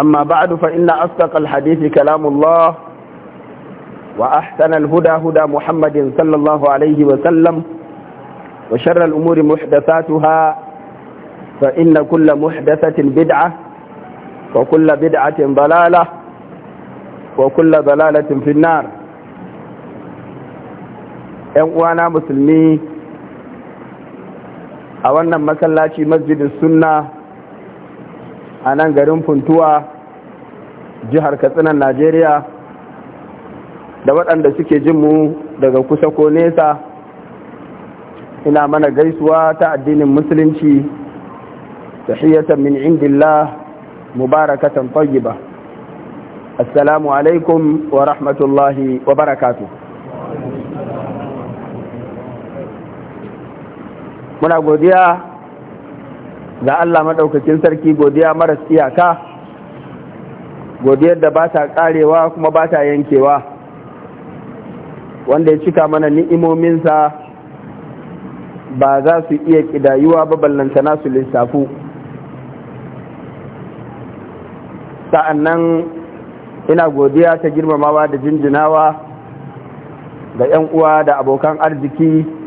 أما بعد فإن أصدق الحديث كلام الله وأحسن الهدى هدى محمد صلى الله عليه وسلم وشر الأمور محدثاتها فإن كل محدثة بدعة وكل بدعة ضلالة وكل ضلالة في النار أنا مسلمي أولا مسلاتي مسجد السنة a nan garin funtuwa jihar katsinan najeriya da waɗanda suke jin mu daga kusa ko nesa ina mana gaisuwa ta addinin musulunci tahiyatan min indillah mubarakatan ba assalamu alaikum wa rahmatullahi wa barakatu. muna godiya ga Allah maɗaukakin sarki godiya maras iyaka godiyar da ba ta ƙarewa kuma ba ta yankewa wanda ya cika mana ni'imominsa ba za su iya ƙidayuwa ba ballantana su lissafu sa'annan ina godiya ta girmamawa da jinjinawa ga 'yan uwa da abokan arziki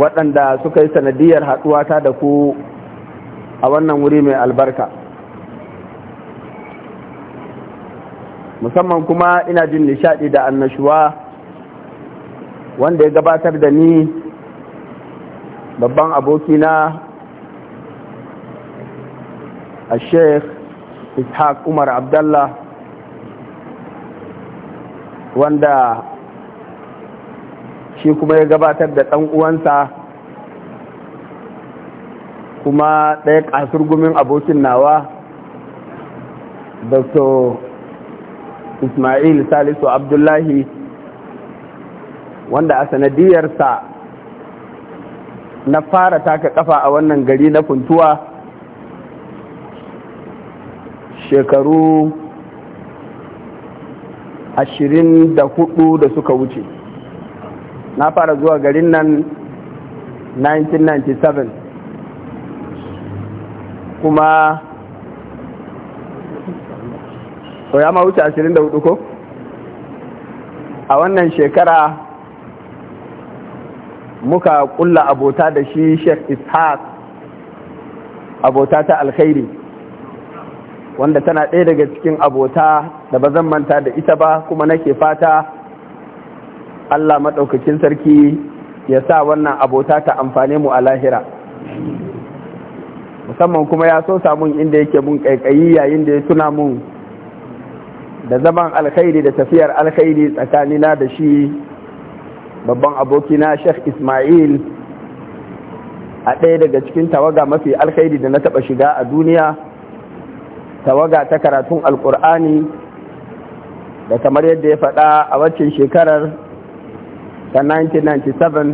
waɗanda suka yi sanadiyar haɗuwata da ku a wannan wuri mai albarka musamman kuma ina jin nishaɗi da annashuwa wanda ya gabatar da ni babban abokina a sheikh ishaq umar abdallah wanda shi kuma ya gabatar da ɗan uwansa kuma ɗaya ƙasar gumin abokin nawa dr ismail salisu abdullahi wanda a sanadiyarsa na fara taka kafa a wannan gari na kuntuwa shekaru ashirin da hudu da suka wuce na fara zuwa garin nan 1997 kuma to ya ma wuce 24 ko a wannan shekara muka kulla abota da shi sheikh ishaq abota ta alkhairi wanda tana ɗaya daga cikin abota da ba zan manta da ita ba kuma nake fata Allah maɗaukakin sarki ya sa wannan abota ta amfane mu a lahira musamman kuma ya so mun inda yake mun kaikayi yayin da ya tuna mun da zaman alkhairi da tafiyar alkhairi tsakanina da shi babban abokina sheikh ismail a ɗaya daga cikin tawaga mafi alkhairi da na taɓa shiga a duniya tawaga ta karatun alkur'ani da kamar yadda ya faɗa a waccan shekarar ta 1997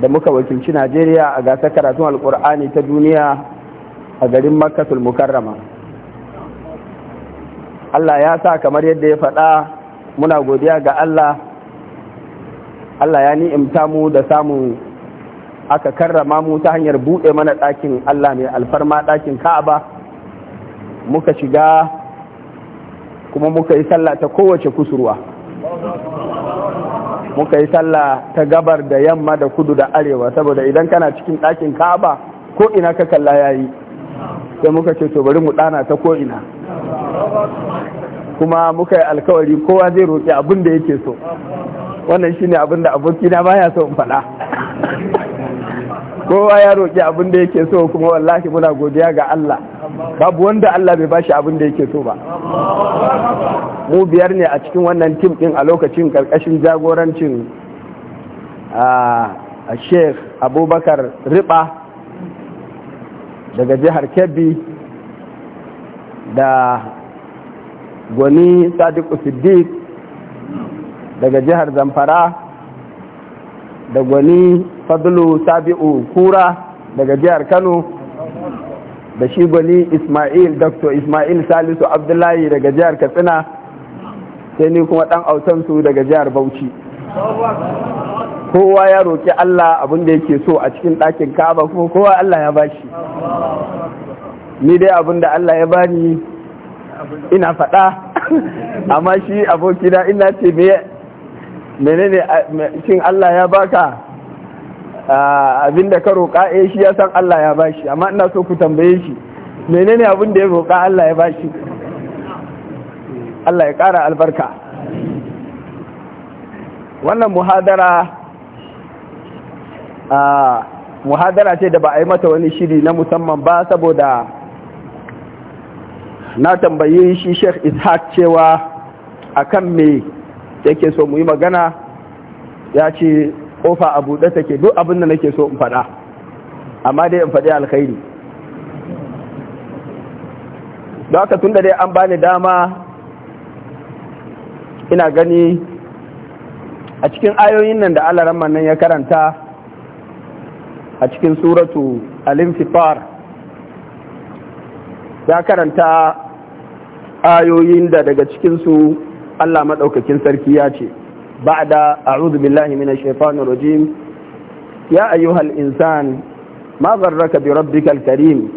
da muka wakilci najeriya a gasar karatun alkur'ani ta duniya a garin makasul mukarrama allah ya sa kamar yadda ya faɗa muna godiya ga allah allah ya ni'imta mu da samun aka karrama mu ta hanyar buɗe mana ɗakin allah mai alfarma ɗakin ka'aba muka shiga kuma muka yi sallah ta kowace kusurwa muka yi sallah ta gabar da yamma da kudu da arewa saboda idan kana cikin ɗakin kaba ko ina ka kalla yayi sai muka ce to bari mu ɗana ta ko ina kuma muka yi alkawari kowa zai roƙi abin da yake so wannan shine abin da abokina baya so in faɗa kowa ya roƙi abin da yake so kuma wallahi muna godiya ga Allah babu wanda Allah bai bashi abin da yake so ba mu biyar ne a cikin wannan tim din a lokacin karkashin jagorancin a sheikh abubakar riba daga jihar kebbi da gwani Sadiq siddiq daga jihar zamfara da gwani fadlu sabi'u kura daga jihar kano da shi gwani ismail dr ismail salisu abdullahi daga jihar katsina sai ni kuma dan autansu daga jihar bauchi kowa ya roƙi allah abin da yake so a cikin ɗakin kaba kuma kowa allah ya bashi ni dai abin allah ya bani ina faɗa amma shi abokina ina ce menene shin allah ya baka abinda ka roƙa ya eh, shi ya san Allah ya bashi amma ina so ku tambaye shi menene abin da ya roƙa Allah ya bashi Allah ya ƙara albarka wannan muhadara a muhadara ce da ba a yi mata wani shiri na musamman ba saboda na tambayi shi Sheikh Ishaq cewa akan me yake so mu yi magana ya ce kofa a buɗe take duk abin da nake so in faɗa amma dai in faɗi alkhairi don haka tun da dai an bani dama ina gani a cikin ayoyin nan da alaramman nan ya karanta a cikin suratu alimfifar ya karanta ayoyin da daga cikinsu allah maɗaukakin sarki ya ce بعد أعوذ بالله من الشيطان الرجيم يا أيها الإنسان ما غرك بربك الكريم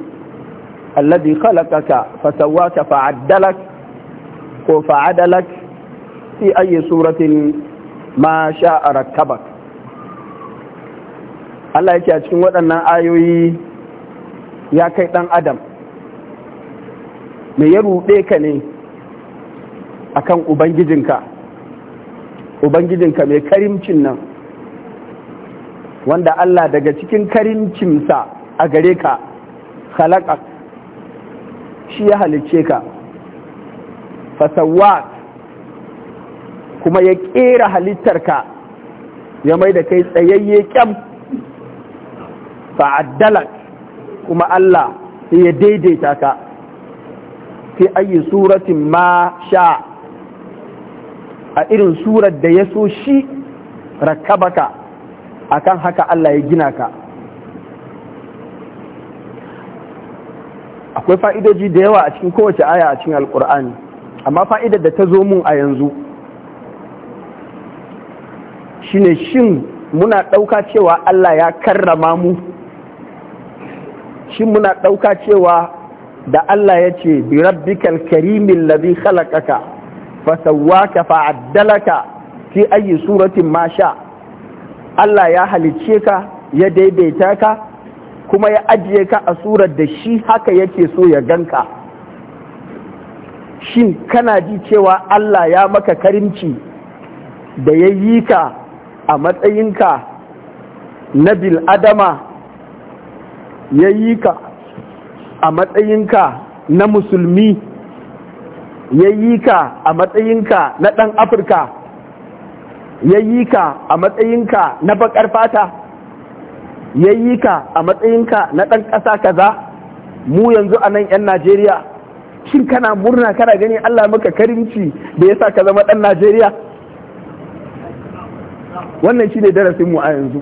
الذي خلقك فسواك فعدلك وفعدلك في أي سورة ما شاء ركبك الله yake a آيوي يا ayoyi أدم kai ɗan adam me ya ubangijinka mai karimcin nan wanda Allah daga cikin karimcinsa a gare ka halaka shi ya halicce ka fasawa kuma ya ƙera halittarka ya mai da kai tsayayye kyam fa'addala kuma Allah ya daidaita ka fi ayi suratin ma sha a irin surar da ya so shi rakabaka akan haka Allah ya gina ka akwai fa'idoji da yawa a cikin kowace aya a cikin alkur'ani amma fa'idar da ta zo mun a yanzu ne shin muna ɗauka cewa Allah ya karrama mu shin muna ɗauka cewa da Allah ya ce bi rabbikal karimin labi halakaka fasawaka fa'addalaka fi ayi suratin ma sha Allah ya halicce ka ya daidaita ka kuma ya ajiye ka a surar da shi haka yake so ya ganka shin kana ji cewa Allah ya maka karimci da ya yi ka a matsayinka na bil'adama ya yi ka a matsayinka na musulmi ya yi ka a matsayinka na ɗan afirka ya ka a matsayinka na baƙar fata ya ka a matsayinka na ɗan ƙasa kaza mu yanzu a nan 'yan najeriya shin kana murna kana gani allah maka karinci da ya sa ka zama ɗan najeriya wannan shi ne mu a yanzu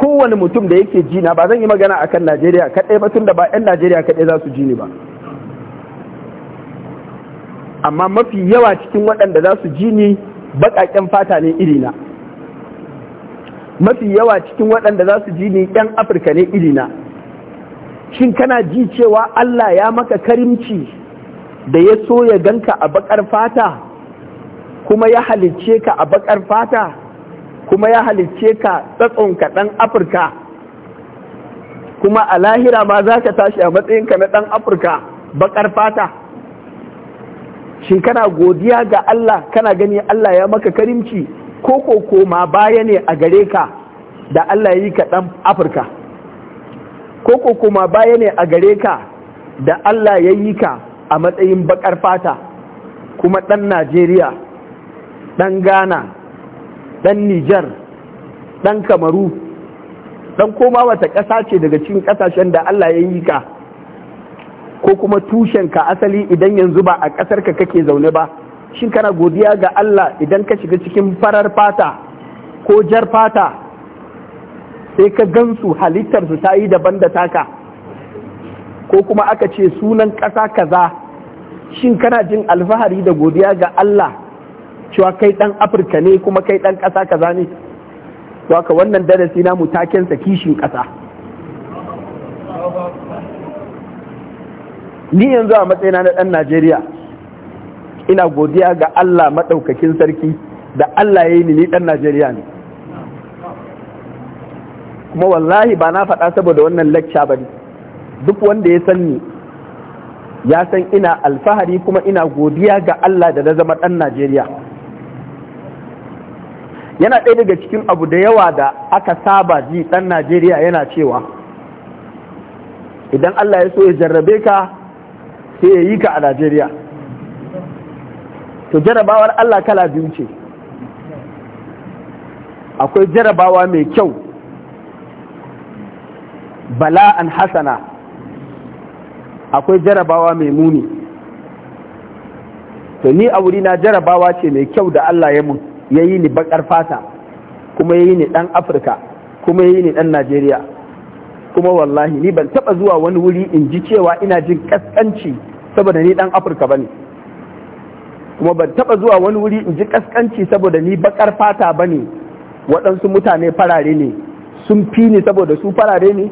kowane mutum da yake jina ba zan yi magana akan najeriya kaɗai ba tun da ba 'yan najeriya kaɗai za su ji ni ba amma mafi yawa cikin waɗanda za su ji ni baƙaƙen fata ne irina mafi yawa cikin waɗanda za su ji ni ‘yan afirka ne irina shin kana ji cewa allah ya maka karimci da ya so ya ganka a baƙar fata kuma ya halicce ka a baƙar fata kuma ya halicce ka ka ɗan afirka kuma a lahira ma za ka tashi a matsayinka na ɗan afirka baƙar fata shin kana godiya ga Allah kana gani Allah ya maka karimci ko ko koma baya ne a gare ka da Allah ya yi ka dan Afirka ko ko koma baya ne a gare ka da Allah ya yi ka a matsayin bakar fata kuma dan Najeriya dan Ghana dan Niger dan Kamaru dan koma wata ƙasa ce daga cikin ƙasashen da Allah ya yi ka ko kuma ka asali idan yanzu ba a ƙasarka ka kake zaune ba shin kana godiya ga Allah idan ka shiga cikin farar fata ko jar fata sai ka gansu halittarsu ta yi daban da taka ko kuma aka ce sunan ƙasa kaza shin kana jin alfahari da godiya ga Allah cewa kai ɗan afirka ne kuma kai ɗan ƙasa kaza ne to haka wannan darasi namu takensa kishin ƙasa ni yanzu a matsayina na ɗan najeriya ina godiya ga allah maɗaukakin sarki da allah ya yi ni ni ɗan najeriya ne kuma wallahi ba na faɗa saboda wannan lacca ba ne duk wanda ya san ni ya san ina alfahari kuma ina godiya ga allah da na zama ɗan najeriya yana ɗaya daga cikin abu da yawa da aka saba ji ɗan najeriya yana cewa idan allah ya so ya jarrabe ka sai ya yi ka a najeriya to jarabawar allah kala biyu ce akwai jarabawa mai kyau bala'an hasana akwai jarabawa mai muni to ni a wurina jarabawa ce mai kyau da allah ya yi ni bakar fata kuma ya yi ni dan afirka kuma ya yi ni dan najeriya kuma wallahi ni ban taba zuwa wani wuri in ji cewa ina jin kaskanci saboda ni dan afirka bane kuma ban taba zuwa wani wuri in ji kaskanci saboda ni bakar fata bane waɗansu mutane farare ne sun fi ni saboda su farare ne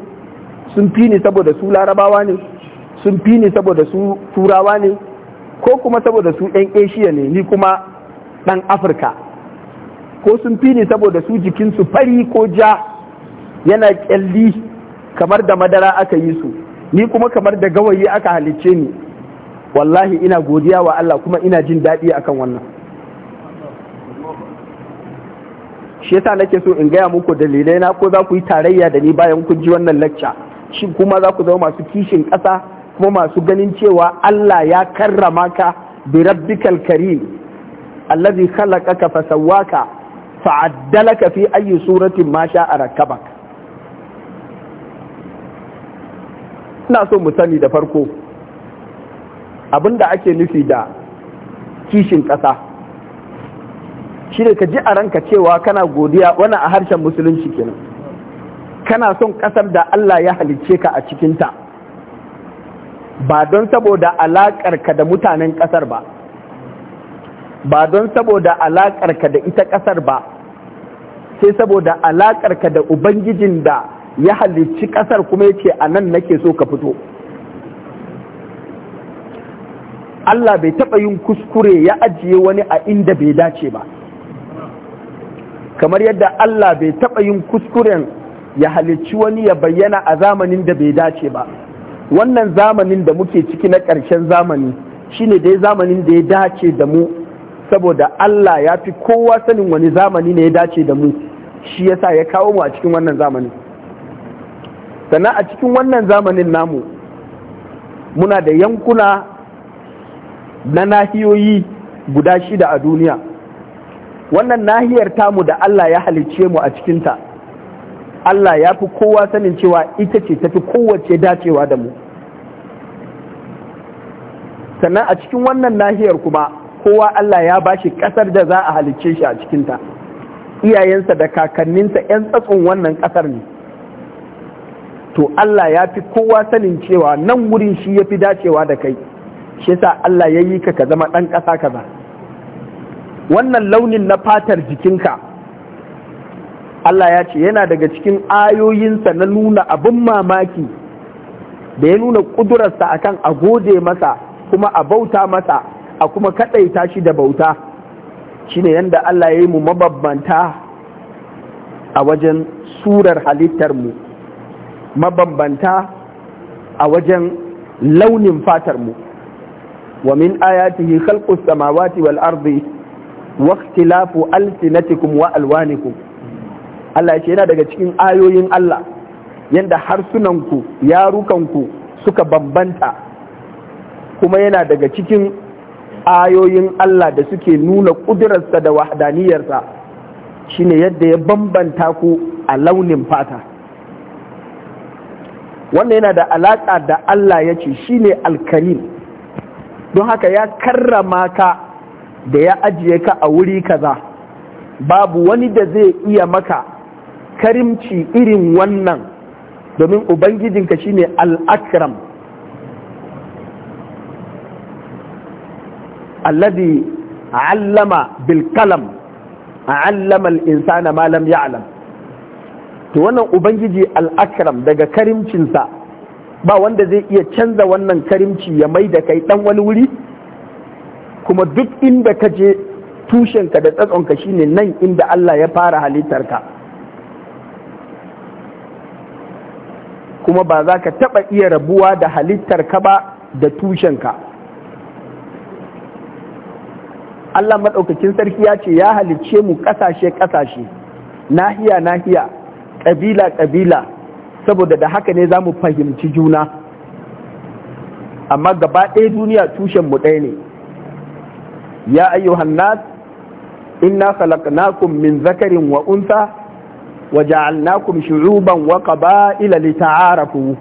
sun fi ni saboda su larabawa ne sun fi ni saboda su turawa ne ko kuma saboda su 'yan Eshiya ne ni kuma ɗan afirka ko sun fi ni saboda su jikinsu fari ko ja yana kyalli kamar da madara aka yi su ni kuma kamar da gawayi aka halicce ni wallahi ina godiya wa Allah kuma ina jin daɗi akan wannan shi yasa nake so in gaya muku dalilai na ko za ku yi tarayya da ni bayan kun ji wannan lacca shi kuma za ku zama masu kishin ƙasa kuma masu ganin cewa Allah ya karrama ka bi rabbikal karim allazi khalaqaka fasawwaka fa'addalaka fi ayyi suratin ma sha'a rakkabaka ina so mu sani da farko abin abinda ake nufi da kishin ƙasa shi ne ka ji a ranka cewa kana godiya wani a harshen musulunci kenan kana son ƙasar da Allah ya halicce ka a cikinta ba don saboda alaƙarka da mutanen ƙasar ba ba don saboda alaƙarka da ita ƙasar ba sai saboda alaƙarka da ubangijin da ya halicci ƙasar kuma yace a nan nake so ka fito Allah bai taɓa yin kuskure ya ajiye wani a inda bai dace ba kamar yadda Allah bai taɓa yin kuskuren ya halicci wani ya bayyana a zamanin da bai dace ba wannan zamanin da muke ciki na ƙarshen zamani shine dai zamanin da ya dace da mu saboda Allah ya fi kowa sanin wani zamani ne ya dace da mu shi yasa ya kawo mu a cikin wannan zamanin sannan a cikin wannan zamanin namu muna da yankuna na nahiyoyi guda shida a duniya wannan nahiyar tamu da Allah ya halicce mu a cikinta Allah ya fi kowa sanin cewa ita ce tafi kowace dacewa da mu sannan a cikin wannan nahiyar kuma kowa Allah ya ba shi ƙasar da za a halicce shi a cikinta iyayensa da kakanninsa 'yan tsatson wannan ƙasar ne to Allah ya fi kowa sanin cewa nan wurin shi ya fi dacewa da kai shi sa Allah ya yi ka ka zama ɗan ƙasa kaza wannan launin na fatar jikinka Allah ya ce yana daga cikin ayoyinsa na nuna abin mamaki da ya nuna ƙudurarsa akan a gode masa kuma a bauta masa a kuma kaɗaita shi da bauta shine yadda Allah ya yi mu mabambanta a wajen surar halittar mu mabambanta a wajen launin fatar mu wa min ayatihi khalqus samawati wal ardi wa ikhtilafu alsinatikum wa alwanikum Allah ce yana daga cikin ayoyin Allah yanda harsunanku yarukanku suka bambanta kuma yana daga cikin ayoyin Allah da suke nuna kudurarsa da wahdaniyarsa shine yadda ya bambanta ku a launin fata wannan yana da alaƙa da Allah ya ce shi ne alkarim don haka ya karrama ka da ya ajiye ka a wuri kaza babu wani da zai iya maka karimci irin wannan domin ubangijinka shine al'akram alladhi allama bilkalam allama al'insana malam ya'lam to wannan ubangiji al'akram daga karimcinsa ba wanda zai iya canza wannan karimci ya mai da kai dan wani wuri kuma duk inda ka je tushenka da tsatsonka shine nan inda Allah ya fara halittarka kuma ba za ka taɓa iya rabuwa da halittarka ba da tushen ka? Allah maɗaukakin sarki ya ce ya halicce mu ƙasashe-ƙasashe nahiya-nahiya ƙabila-ƙabila saboda da haka ne za mu fahimci juna amma gaba ɗaya duniya tushen mu ɗaya ne ya ayyuhan nas inna khalaqnakum min zakarin wa unsa wa ja'alnakum shu'uban wa qaba'ila ta'arafu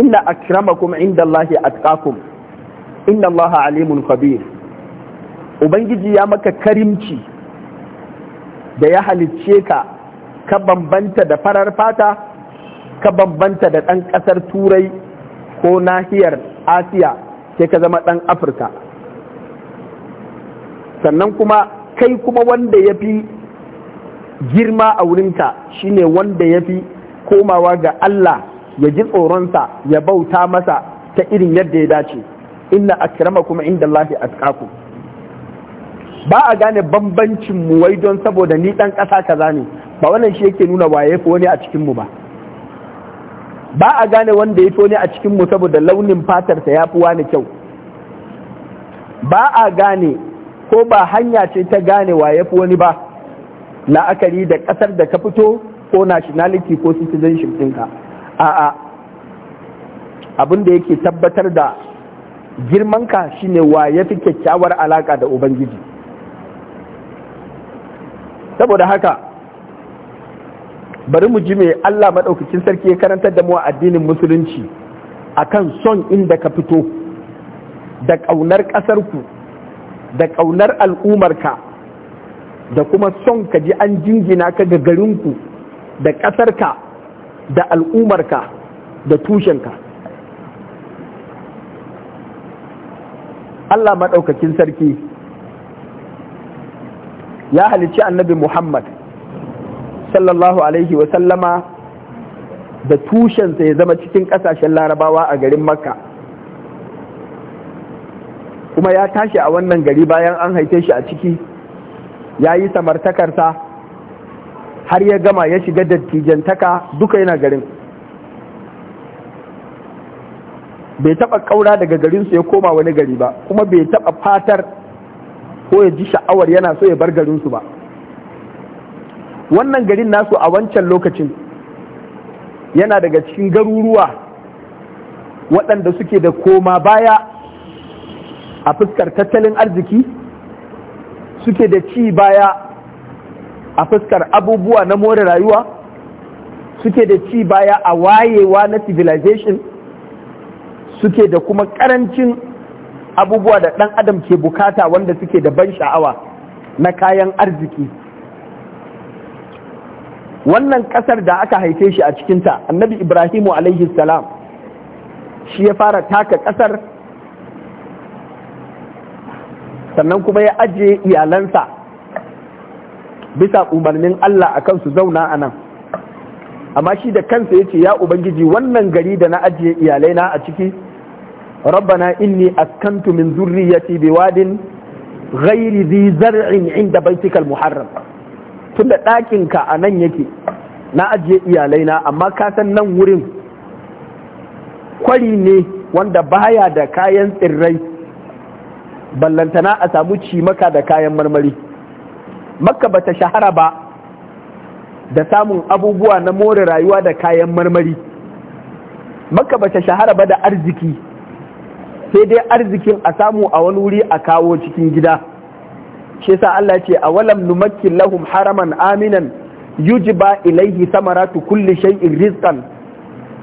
inna akramakum indallahi atqakum inna allaha alimun khabir ubangiji ya maka karimci da ya halicce ka ka bambanta da farar fata ka bambanta da ɗan ƙasar turai ko nahiyar asiya sai ka zama ɗan afirka sannan kuma kai kuma wanda ya fi girma a wurinka shine wanda ya fi komawa ga Allah ya ji tsoronsa ya bauta masa ta irin yadda ya dace inna akrama kuma inda Allah atqakum ba a gane bambancin mu wai don saboda ni ɗan ƙasa kaza ne ba wannan shi yake nuna wa fi wani a cikin ba ba a gane wanda yafi wani a cikinmu saboda launin fatarsa yafi wani kyau ba a gane ko ba hanya ce ta gane wa fi wani ba la'akari da kasar da ka fito ko nationality ko citizenship ɗinka a'a abin da yake tabbatar da girmanka shine wa ya fi kyakkyawar alaka da ubangiji saboda haka bari mu ji me Allah Maɗaukakin sarki ya karantar da mu a addinin musulunci a kan son inda ka fito da ƙaunar ƙasarku da ƙaunar al'umarka da kuma son ka ji an jingina ka ga garinku da ƙasarka da al'umarka da tushenka Allah maɗaukakin sarki ya halicci annabi Muhammad sallallahu alaihi wasallama da tushensa ya zama cikin ƙasashen larabawa a garin makka kuma ya tashi a wannan gari bayan an haife shi a ciki ya yi samartakarsa har ya gama ya shiga dattijantaka duka yana garin bai taɓa ƙaura daga garinsu ya koma wani gari ba kuma bai taɓa fatar ko ya ji sha'awar yana so ya bar garinsu ba wannan garin nasu a wancan lokacin yana daga cikin garuruwa waɗanda suke da koma baya a fuskar tattalin arziki suke da ci baya a fuskar abubuwa na more rayuwa suke da ci baya a wayewa na civilization suke da kuma karancin abubuwa da ɗan adam ke bukata wanda suke da ban sha'awa na kayan arziki wannan kasar da aka haife shi a cikinta annabi ibrahimu alaihi salam shi ya fara taka kasar sannan kuma ya ajiye iyalansa bisa umarnin Allah a kansu zauna a nan amma shi da kansa ya ce ya ubangiji wannan gari da na ajiye iyalaina a ciki rabbana inni askantu min zurriyati biwadin ghairi zi zar'in inda baitikal muharram tun da ɗakinka a nan yake na ajiye iyalaina amma ka san nan wurin kwari ne wanda baya da kayan tsirrai ballantana a samu cimaka da kayan marmari makka bata shahara ba da samun abubuwa na more rayuwa da kayan marmari makka bata shahara ba da arziki sai dai arzikin a samu a wani wuri a kawo cikin gida shi sa Allah ce a walam numakkin lahum haraman aminan yujiba ilaihi samaratu kulli shay'in rizqan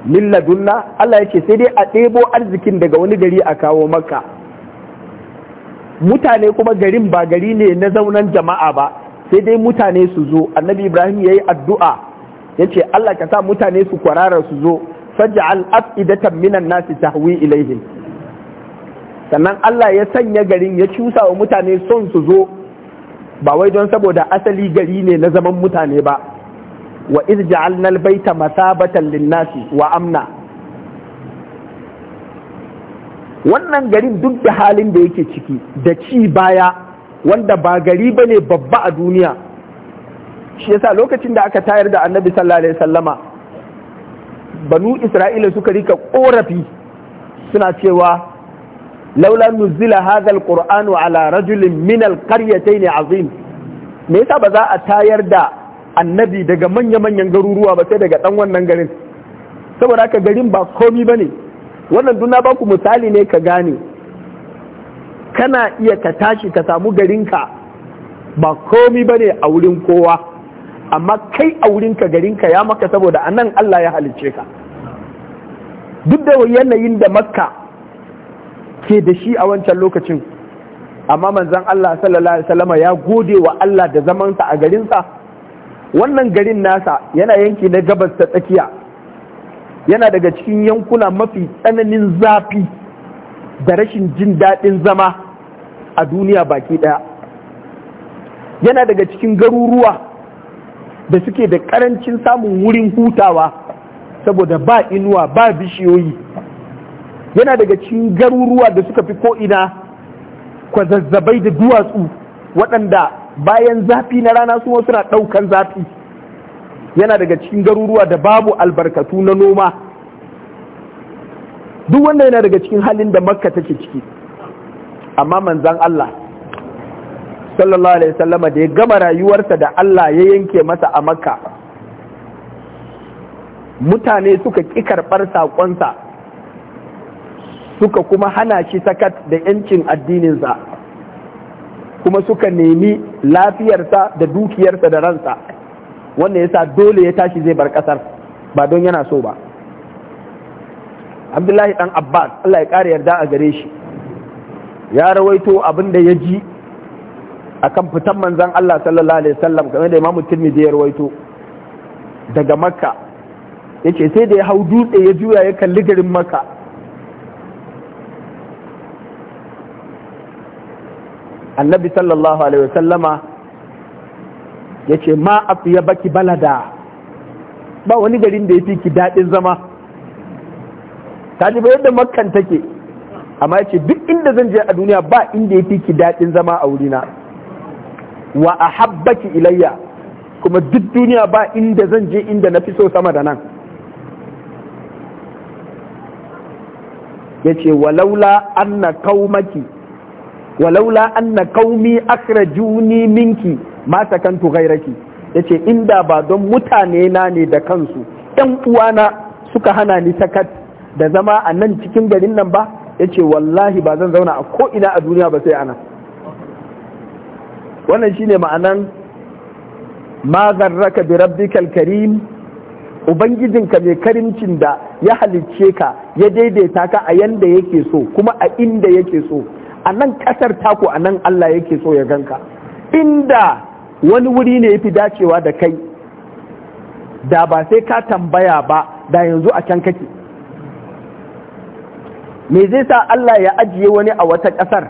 min ladunna Allah sai dai a ɗebo arzikin daga wani gari a kawo maka mutane kuma garin ba gari ne na zaunan jama'a ba sai dai mutane su zo annabi Ibrahim yayi addu'a yace Allah ka sa mutane su kwarara su zo faj'al af'idatan minan nasi tahwi ilaihim sannan Allah ya sanya garin ya cusa wa mutane son su zo ba wai don saboda asali gari ne na zaman mutane ba wa iz ja'alna al masabatan lin-nasi wa amna wannan garin duk da halin da yake ciki da ci baya wanda ba gari bane babba a duniya shi yasa lokacin da aka tayar da annabi sallallahu alaihi sallama banu isra'ila suka rika korafi suna cewa laula nuzila هذا alqur'anu على رجل من القريتين عظيم me yasa ba za a tayar da annabi daga manya-manyan garuruwa ba sai daga dan wannan garin saboda ka garin ba komi bane wannan duna ba ku misali ne ka gane kana iya ka tashi ka samu garinka ba komi bane a wurin kowa amma kai a wurinka garinka ya maka saboda anan Allah ya halicce ka duk da yanayin da makka ke da shi a wancan lokacin amma manzan Allah sallallahu alaihi wasallama ya gode wa Allah da zamansa a garinsa wannan garin nasa yana yanki na gabas ta tsakiya yana daga cikin yankuna mafi tsananin zafi da rashin jin daɗin zama a duniya baki ɗaya yana daga cikin garuruwa da suke da ƙarancin samun wurin hutawa saboda ba inuwa ba bishiyoyi yana daga cikin garuruwa da suka fi ko'ina kwazazzabai da duwatsu waɗanda bayan zafi na rana su suna ɗaukan zafi yana daga cikin garuruwa da babu albarkatu na noma duk wannan yana daga cikin halin da makka take ciki amma manzan Allah sallallahu alaihi wasallama da ya gama rayuwarsa da Allah ya yanke masa a makka mutane suka ƙi karɓar saƙonsa suka kuma hana shi sakat da yancin addininsa kuma suka nemi lafiyarsa da dukiyarsa da ransa wannan yasa dole ya tashi zai bar kasar ba don yana so ba abdullahi dan abbas allah ya kare yarda a gare shi ya rawaito abin da ya ji akan fitan manzan allah sallallahu alaihi wasallam game da imamu tirmidhi ya rawaito daga makka yace sai da ya hau dutse ya juya ya kalli garin makka annabi sallallahu alaihi wasallama ya ce ma ya baki balada ba wani garin da ya fi ki daɗin zama ta yadda makkan take amma ya ce duk inda zan je a duniya ba inda ya fi ki daɗin zama a wurina wa a habbaki ilayya kuma duk duniya ba inda zan je inda na fi so sama da nan ya ce walaula anna kaumaki walaula anna qaumi akhrajuni minki ma sakantu ghairaki yace inda ba don mutane na ne da kansu ɗan uwana suka hana ni sakat da zama a nan cikin garin nan ba yace wallahi ba zan zauna a ko ina a duniya ba sai ana wannan shine ma'anan ma zarraka bi rabbikal karim ubangijinka mai karimcin da ya halicce ka ya daidaita ka a yanda yake so kuma a inda yake so a nan ƙasar taku a nan Allah yake so ya ganka inda wani wuri ne ya fi dacewa da kai da ba sai ka tambaya ba da yanzu a can kake me zai sa Allah ya ajiye wani a wata ƙasar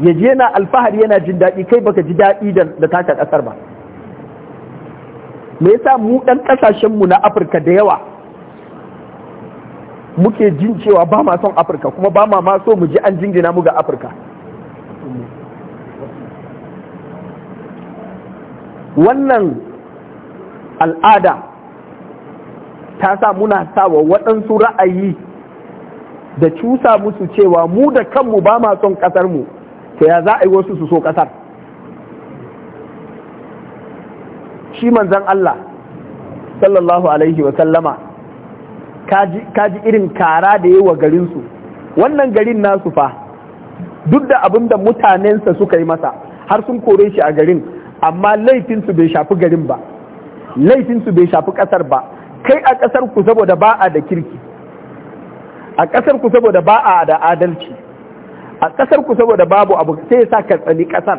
ya je na alfahari yana jin daɗi kai baka ji daɗi da taka ƙasar ba me yasa mu ɗan ƙasashenmu na afirka da yawa muke jin cewa ba ma son afirka kuma ba ma ma so mu ji an jingina mu ga afirka wannan al'ada ta sa muna sawa waɗansu ra'ayi da cusa musu cewa mu da kanmu ba ma son ƙasarmu ta ya za a yi wasu su so ƙasar shi manzan Allah sallallahu alaihi wa sallama kaji irin kara da yi wa garinsu wannan garin nasu fa duk da abin da mutanensa suka yi masa har sun kore shi a garin amma laifinsu bai shafi garin ba laifinsu bai shafi ƙasar ba kai a kasar ku saboda ba a da kirki a kasar ku saboda ba a da adalci a kasar ku saboda babu abu sai sa ka tsani ƙasar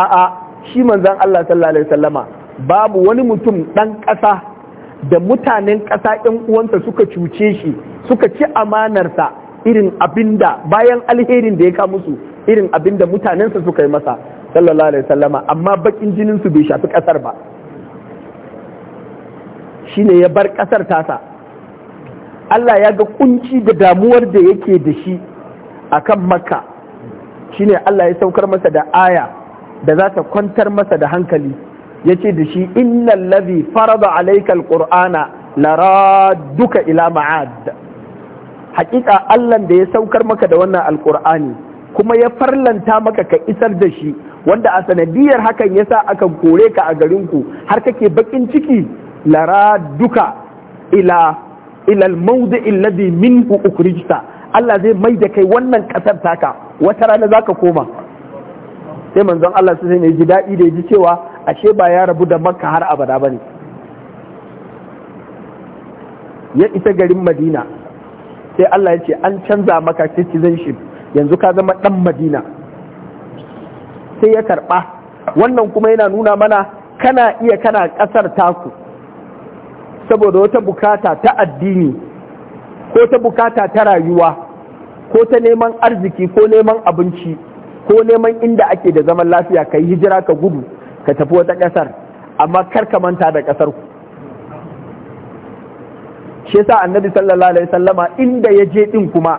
a'a shi manzon Allah sallallahu alaihi wasallama babu wani mutum ɗan ƙasa da mutanen ƙasa 'yan uwansa suka cuce shi suka ci amanarsa irin abinda bayan alherin da ya ka musu irin abinda mutanensa suka yi masa sallallahu alaihi wasallama amma bakin jininsu bai shafi ƙasar ba Shi ne ya bar ƙasar tasa Allah ya ga kunci da damuwar da yake da shi akan Shi ne Allah ya saukar masa da aya da za ta kwantar masa da hankali yace da shi innal ladhi farada alayka lara duka ila ma'ad hakika Allah da ya saukar maka da wannan alqur'ani kuma ya farlanta maka ka isar da shi wanda a sanadiyar hakan ya yasa aka kore ka a garinku har kake bakin ciki duka ila ila almawdi'i alladhi minhu ukhrijta Allah zai mai da kai wannan ƙasar taka wata rana zaka koma sai manzon Allah sai ne ji daɗi da ya ji cewa ashe ba ya rabu da makka har abada ba ne ya isa garin madina sai Allah ya ce an canza maka citizenship yanzu ka zama ɗan madina sai ya karɓa wannan kuma yana nuna mana kana iya kana ƙasar taku saboda wata bukata ta addini ko ta bukata ta rayuwa ko ta neman arziki ko neman abinci ko neman inda ake da zaman lafiya ka yi hijira ka gudu ka tafi wata ƙasar amma kar ka manta da ƙasar ku shi sa annabi sallallahu alaihi sallama inda ya je din kuma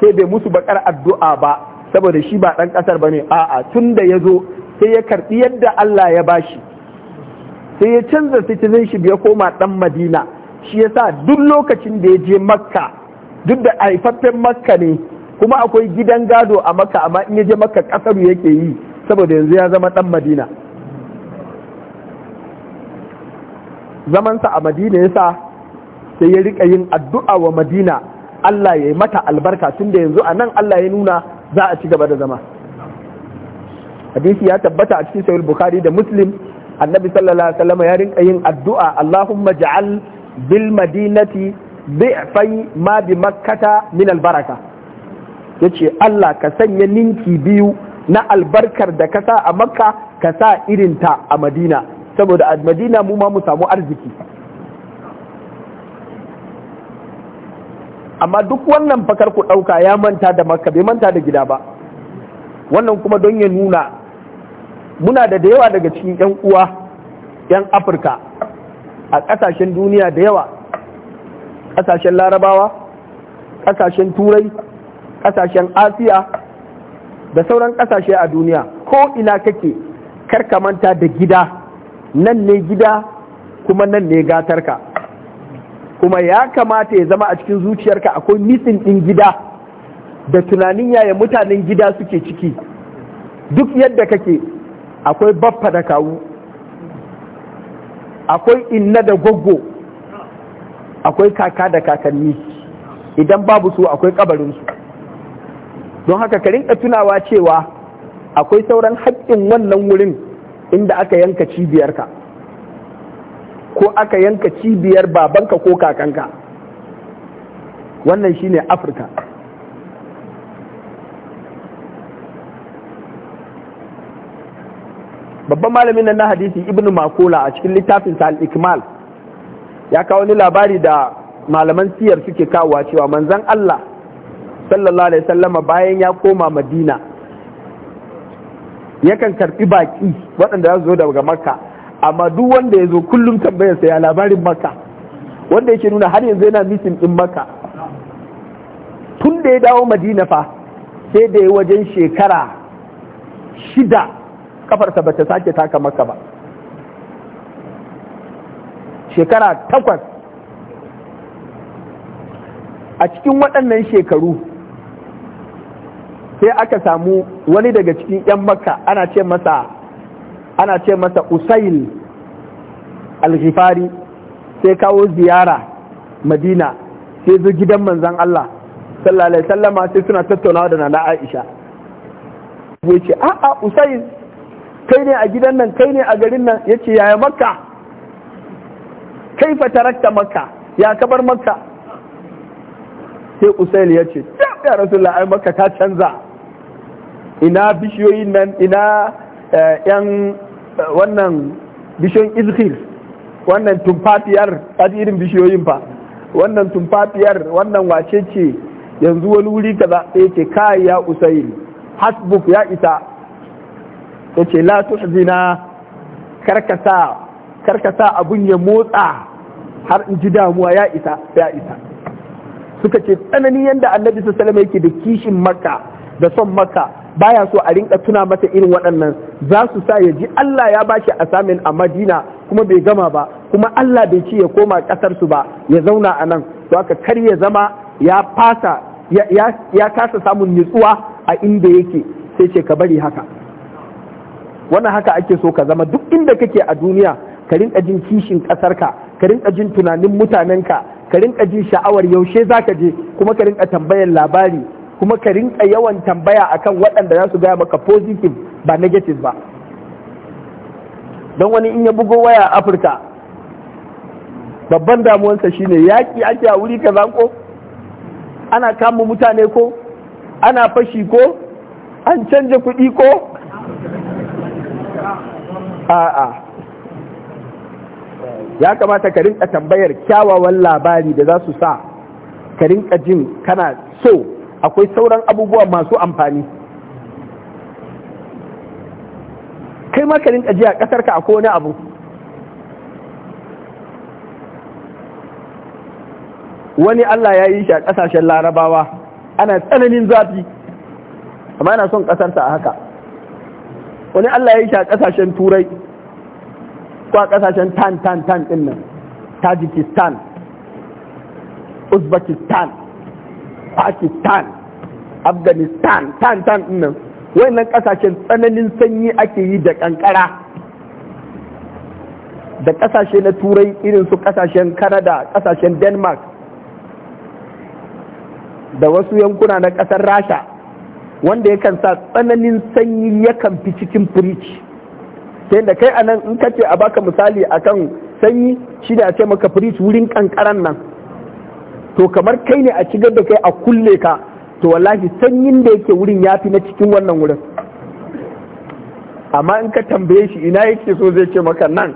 sai bai musu bakar addu'a ba saboda shi ba ɗan ƙasar ba ne. a'a tun da ya zo sai ya karɓi yadda Allah ya bashi sai ya canza shi ya koma ɗan Madina shi yasa duk lokacin da ya je Makka duk da haifaffen Makka ne kuma akwai gidan gado a Makka amma in ya je Makka ƙasar yake yi saboda yanzu ya zama ɗan Madina zamansa a madina ya sa sai ya rika yin addu'a wa madina Allah ya yi mata albarka tun da yanzu a nan Allah ya nuna za a ci gaba da zama hadisi ya tabbata a cikin sahih bukhari da muslim annabi sallallahu alaihi wasallam ya rinka yin addu'a Allahumma ja'al bil madinati bi'fai ma bi makkata min baraka yace Allah ka sanya ninki biyu na albarkar da ka sa a makka ka sa irin ta a madina saboda a madina mu ma mu samu arziki amma duk wannan fakar ku ɗauka ya manta da makka bai manta da gida ba wannan kuma don ya nuna muna da da yawa daga cikin 'yan uwa 'yan afirka a ƙasashen duniya da yawa ƙasashen larabawa ƙasashen turai ƙasashen asiya da sauran ƙasashe a duniya ko ina kake karka manta da gida nan ne gida kuma nan ne gatarka kuma ya kamata ya zama a cikin zuciyarka akwai nisin ɗin gida da tunanin yaya mutanen gida suke ciki duk yadda kake akwai baffa da kawu akwai inna da goggo akwai kaka da kakanni idan babu su akwai kabarinsu don haka ka rinka tunawa cewa akwai sauran haƙƙin wannan wurin inda aka yanka cibiyarka ko aka yanka cibiyar babanka ko kakanka wannan shine afirka babban malamin nan na hadisi Ibn makola a cikin littafin sa al-ikmal ya kawo ni labari da malaman siyar suke kawowa cewa manzon Allah sallallahu alaihi wasallama bayan ya koma Madina yakan karɓi baki waɗanda za su zo daga makka amma duk wanda ya zo kullum tambayar sai ya labarin maka wanda yake nuna har yanzu yana mitin din maka tun da ya dawo madina fa sai da ya wajen shekara shida kafarsa bata sake taka maka ba shekara takwas a cikin waɗannan shekaru sai aka samu wani daga cikin 'yan makka ana ce masa ana ce masa usail alghifari sai kawo ziyara madina sai zo gidan manzan Allah sallallahu alaihi sallama sai suna tattaunawa da nana Aisha ya ce a'a usail kai ne a gidan nan kai ne a garin nan ya yaya makka kaifa tarakta makka ya kabar makka sai usail ya ce ya rasulullah ai makka ta canza ina bishiyoyin nan ina eh, yan eh, wannan bishiyoyin izhir wannan tumfafiyar kaji irin bishiyoyin fa wannan tumfafiyar wannan wace ce yanzu wani wuri za a ce kai ya usayn hasbuk ya isa ce la tuhzina karkasa karkasa abun ya motsa har in ji damuwa ya isa ya isa suka ce tsananin yadda annabi sallallahu alaihi yake da kishin makka da son makka baya so a rinka tuna masa irin waɗannan za su sa ya ji Allah ya bashi asamin a Madina kuma bai gama ba kuma Allah bai ci ya koma ƙasar su ba ya zauna a nan to haka kar ya zama ya fasa ya kasa samun nutsuwa a inda yake sai ce ka bari haka wannan haka ake so ka zama duk inda kake a duniya ka rinka jin kishin ƙasar ka ka rinka jin tunanin mutanenka ka rinka jin sha'awar yaushe zaka je kuma ka rinka tambayar labari kuma ka rinka yawan tambaya akan waɗanda za su gaya maka positive ba negative ba don wani in ya bugo waya a afirka babban damuwansa shine yaƙi ake a wuri kaza ko ana kama mutane ko ana fashi ko an canja kuɗi ko a'a ya kamata ka rinka tambayar kyawawan labari da za su sa ka rinka jin kana so akwai sauran abubuwa masu amfani kai ma ka rinka a ƙasar ka akwai wani abu wani Allah ya yi shi a ƙasashen larabawa ana tsananin zafi amma yana son ƙasarsa a haka wani Allah ya yi shi a ƙasashen turai ko a ƙasashen tan tan tan ɗin nan tajikistan uzbekistan pakistan afghanistan tan tan nan wayannan kasashen tsananin sanyi ake yi da kankara da kasashe na turai irin su kasashen canada kasashen denmark da wasu yankuna na kasar rasha wanda yakan sa tsananin sanyi yakan fi cikin firiji sai da kai anan in kace a baka misali akan sanyi shi da ya ce maka firiji wurin kankaran nan to kamar kai ne a cigar da kai a kulle ka to wallahi sanyin da yake wurin ya fi na cikin wannan wurin amma in ka tambaye shi ina yake so zai ce maka nan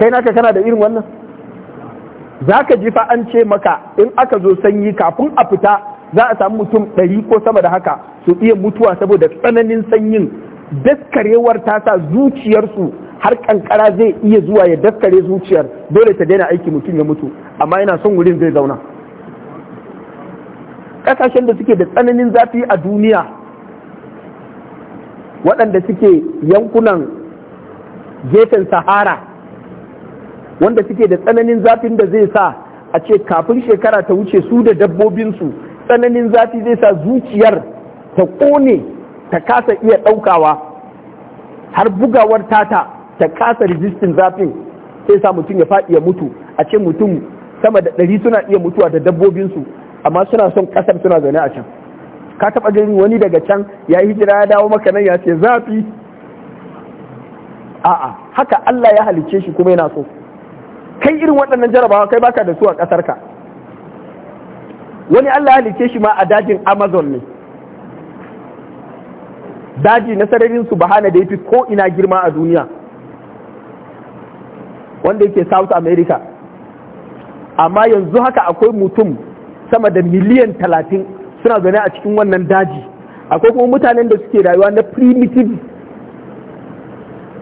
kai naka kana da irin wannan za ka ji fa an ce maka in aka zo sanyi kafin a fita za a samu mutum ɗari ko sama da haka su iya mutuwa saboda tsananin sanyin daskarewar ta sa zuciyarsu har kankara zai iya zuwa ya daskare zuciyar dole ta daina aiki mutum ya mutu amma yana son wurin zai zauna ƙasashen da suke da tsananin zafi a duniya waɗanda suke yankunan gefen sahara wanda suke da tsananin zafin da zai sa a ce kafin shekara ta wuce su da dabbobinsu tsananin zafi zai sa zuciyar ta ƙone ta kasa iya ɗaukawa har bugawar tata ta kasa rijistin zafin sai sa mutum ya faɗi ya mutu a ce mutum sama da ɗari suna iya mutuwa da dabbobinsu amma suna son ƙasar suna zaune a can ka taɓa ganin wani daga can ya yi hijira ya dawo maka nan ya ce zafi a'a haka Allah ya halicce shi kuma yana so kai irin waɗannan jarabawa kai baka da su a ƙasar ka. wani Allah ya halicce shi ma a dajin Amazon ne daji na sararin su bahana da yafi ko ina girma a duniya wanda yake south america amma yanzu haka akwai mutum sama da miliyan talatin suna zaune a cikin wannan daji akwai kuma mutanen da suke rayuwa na primitive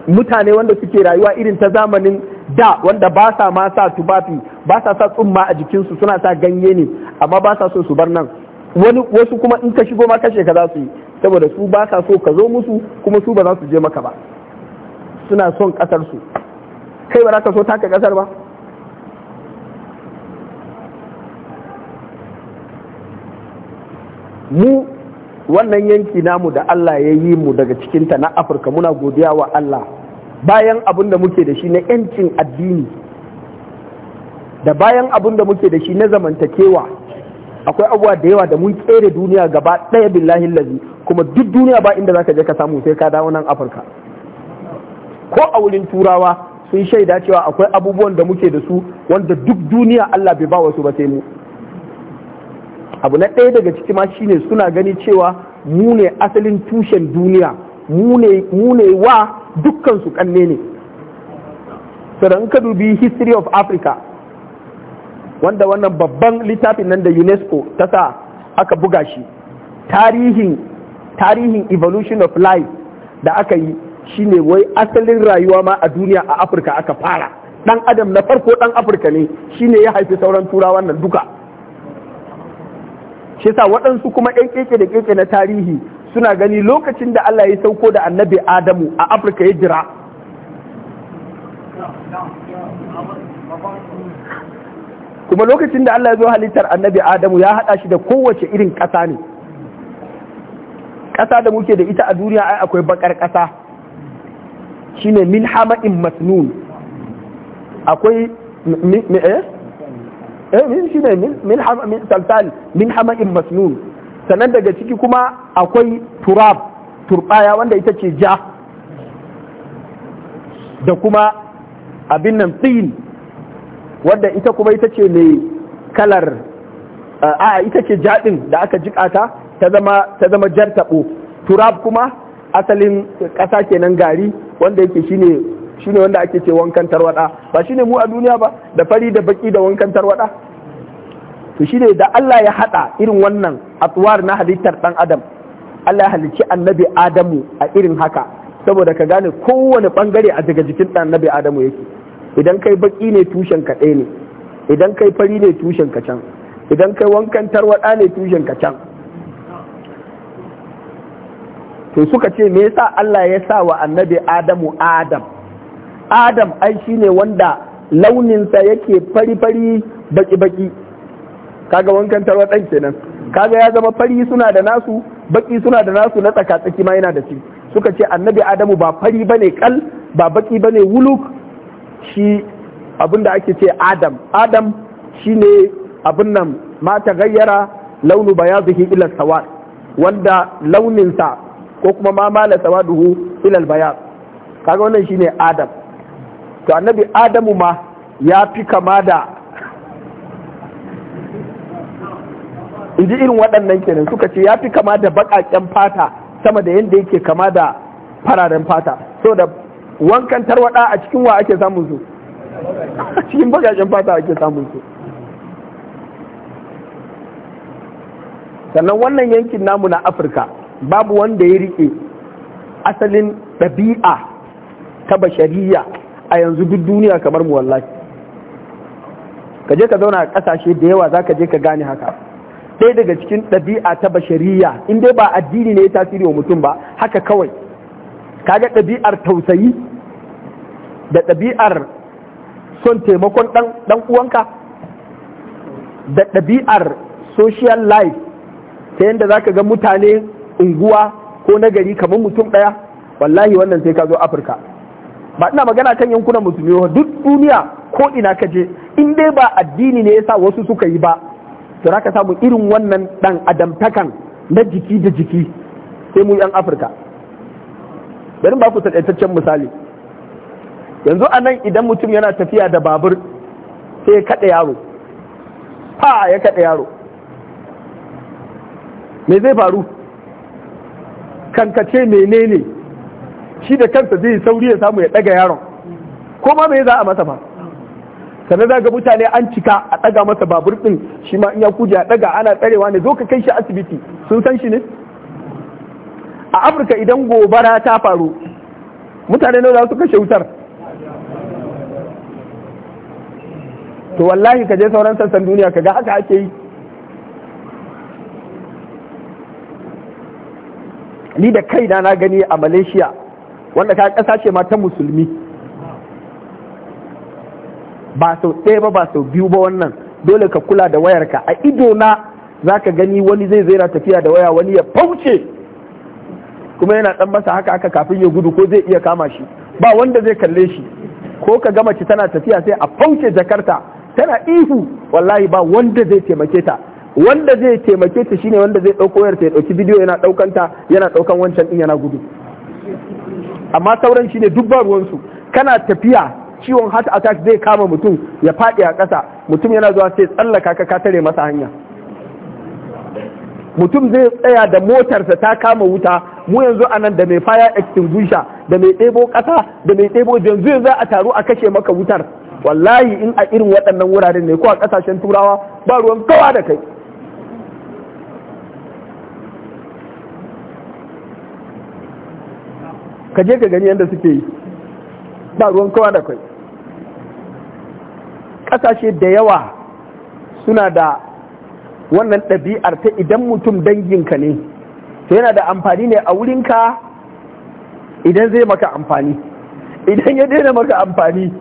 mutane wanda suke rayuwa irin ta zamanin da wanda ba sa ma sa tufafi ba sa sa tsumma a jikinsu suna sa ganye ne amma ba sa so su bar nan wasu kuma in ka shigo ma kashe ka za su yi saboda su ba sa so ka zo musu kuma su ba za su je maka ba suna son kasar kai ba za ka so taka kasar ba mu wannan yanki namu da Allah ya yi mu daga cikinta na afirka muna godiya wa Allah bayan abin da muke da shi na 'yancin addini da bayan abin da muke da shi na zamantakewa akwai abubuwa da yawa da mun tsere duniya gaba ɗaya billahi lazi kuma duk duniya ba inda ka je ka samu sai ka dawo nan afirka ko a wurin turawa sun shaida cewa akwai abubuwan da muke da su wanda duk duniya Allah bai ba wasu ba sai mu abu na ɗaya daga ciki ma shine suna gani cewa mu ne asalin tushen duniya mu ne wa dukkan su kanne ne in ka dubi history of africa wanda wannan babban littafin nan da unesco ta sa aka buga shi tarihin tarihin evolution of life da aka yi Shi ne wai asalin rayuwa ma a duniya a afirka aka fara dan adam na farko dan afirka ne shi ne ya haifi sauran turawan nan duka shi sa waɗansu kuma ɗan keke da keke na tarihi suna gani lokacin da Allah ya sauko da annabi Adamu a Afirka ya jira kuma lokacin da Allah ya zo halittar annabi Adamu ya haɗa shi da kowace irin ƙasa ne ƙasa da muke da ita a duniya ai akwai baƙar ƙasa shine min hama'in masnun akwai min eh eh min shine min min hama min salsal min hama'in masnun sannan daga ciki kuma akwai turab turbaya wanda ita ce ja da kuma abin nan tsin wanda ita kuma ita ce mai kalar eh, a ita ce jaɗin da aka jiƙata ta zama jar taɓo turab kuma asalin ƙasa kenan gari wanda yake shine shine wanda ake ce wankan tarwada ba shine mu a duniya ba da fari da baki da wankan tarwada to shine da Allah ya hada irin wannan atwar na halittar dan adam Allah ya halicci annabi Adamu a irin haka saboda ka gane kowane bangare a daga jikin dan annabi Adamu yake idan kai baki ne tushen ka ɗaya ne idan kai fari ne tushen ka can idan kai wankan tarwada ne tushen ka can to suka ce me yasa Allah ya sa wa annabi Adamu Adam Adam ai shine wanda launinsa yake fari-fari baki-baki kaga wankan tarwa kenan kaga ya zama fari suna da nasu baki suna da nasu na tsaka-tsaki ma yana da shi suka ce annabi Adamu ba fari bane kal ba baki bane wuluk shi abin ake ce Adam Adam shine abin nan ma ta gayyara launu bayazihi ila sawar wanda launinsa ko kuma ma mala duhu ilal bayan kaga wannan shine adam to annabi adamu ma ya fi kama da inji irin waɗannan kenan suka ce ya fi kama da baƙaƙen fata sama da yadda yake kama da fararen fata so da wankan tarwaɗa a cikin wa ake samun su A cikin baƙaƙen fata ake samun su sannan wannan yankin namu na afirka babu wanda ya rike asalin ɗabi'a ta bashariya a yanzu duk duniya kamar mu wallahi ka je ka zauna a ƙasashe da yawa za ka je ka gane haka ɗaya daga cikin ɗabi'a ta bashariya in dai ba addini ne ya tasiri wa mutum ba haka kawai kaga ɗabi'ar tausayi da ɗabi'ar son taimakon ɗan uwanka da ɗabi'ar social life ta yadda za ka ga mutane unguwa ko na gari kamar mutum ɗaya wallahi wannan sai ka zo afirka ba ina magana kan yankunan musulmi ba duk duniya ko ina ka je in dai ba addini ne ya sa wasu suka yi ba to za ka samu irin wannan ɗan adamtakan na jiki da jiki sai mu yan afirka bari ba ku misali yanzu a nan idan mutum yana tafiya da babur sai ya kaɗa yaro ha ya kaɗa yaro me zai faru kankace menene shi da kansa zai sauri ya samu ya ɗaga yaron ko ma mai za a masa ba sannan za ga mutane an cika a ɗaga masa babur ɗin shi ma in ya kuje a ɗaga ana tsarewa ne zo ka kai shi asibiti sun san shi ne a afirka idan gobara ta faru mutane nawa za su kashe wutar to wallahi ka je sauran sassan duniya ka ga haka ake yi ni da kaina na gani a malaysia wanda ka kasa ce ma ta musulmi ba sau ɗaya ba ba sau biyu ba wannan dole ka kula da wayarka a ido na za ka gani wani zai zaira tafiya da waya wani ya fauce kuma yana ɗan masa haka haka kafin ya gudu ko zai iya kama shi ba wanda zai kalle shi ko ka gama ci tana tafiya sai a fauce jakarta tana ihu wallahi ba wanda zai taimake ta wanda zai taimake ta shine wanda zai dauko wayar ta ya ɗauki bidiyo yana ta yana ɗaukan wancan din yana gudu amma sauran shine duk ba ruwansu kana tafiya ciwon heart attack zai kama mutum ya fadi a kasa mutum yana zuwa sai tsallaka ka ka tare masa hanya mutum zai tsaya da motarsa ta kama wuta mu yanzu anan da mai fire extinguisher da mai ɗebo ƙasa da mai ɗebo yanzu yanzu a taru a kashe maka wutar wallahi in a irin waɗannan wuraren ne ko a ƙasashen turawa ba ruwan kawa da kai ka je ka gani yadda suke yi ba ruwan kowa da kai ƙasashe da yawa suna da wannan ɗabi'ar ta idan mutum danginka ne to yana da amfani ne a wurinka idan zai maka amfani idan ya daina maka amfani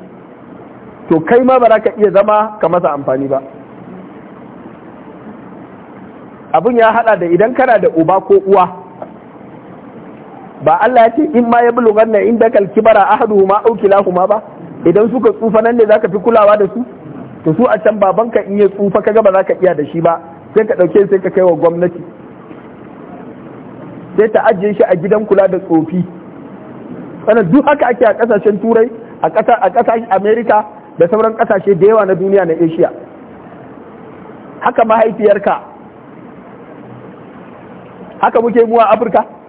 to kai ma ba ka iya zama ka masa amfani ba abin ya hada da idan kana da uba ko uwa ba Allah ya ce in ma ya bulu na inda ahadu ma au huma ba idan suka tsufa nan ne zaka fi kulawa da su to su a can baban ka in ya tsufa kaga ba zaka iya da shi ba sai ka dauke sai ka kai wa gwamnati sai ta ajiye shi a gidan kula da tsofi sannan duk haka ake a kasashen turai a kasashen america da sauran kasashe da yawa na duniya na asia haka mahaifiyarka haka muke muwa afirka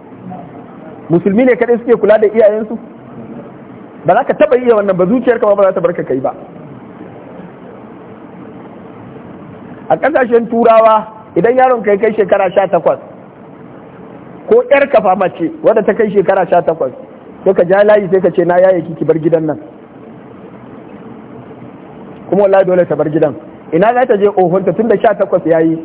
musulmi ne kadai suke kula da iyayensu ba za ka taba iya wannan ba zuciyar ka ba za ta barka kai ba a kasashen turawa idan yaron kai kai shekara sha takwas ko ƴar kafa mace wadda ta kai shekara sha takwas sai ka ja layi sai ka ce na yaye ki bar gidan nan kuma wallahi dole ta bar gidan ina za ta je ohonta tun da sha takwas ya yi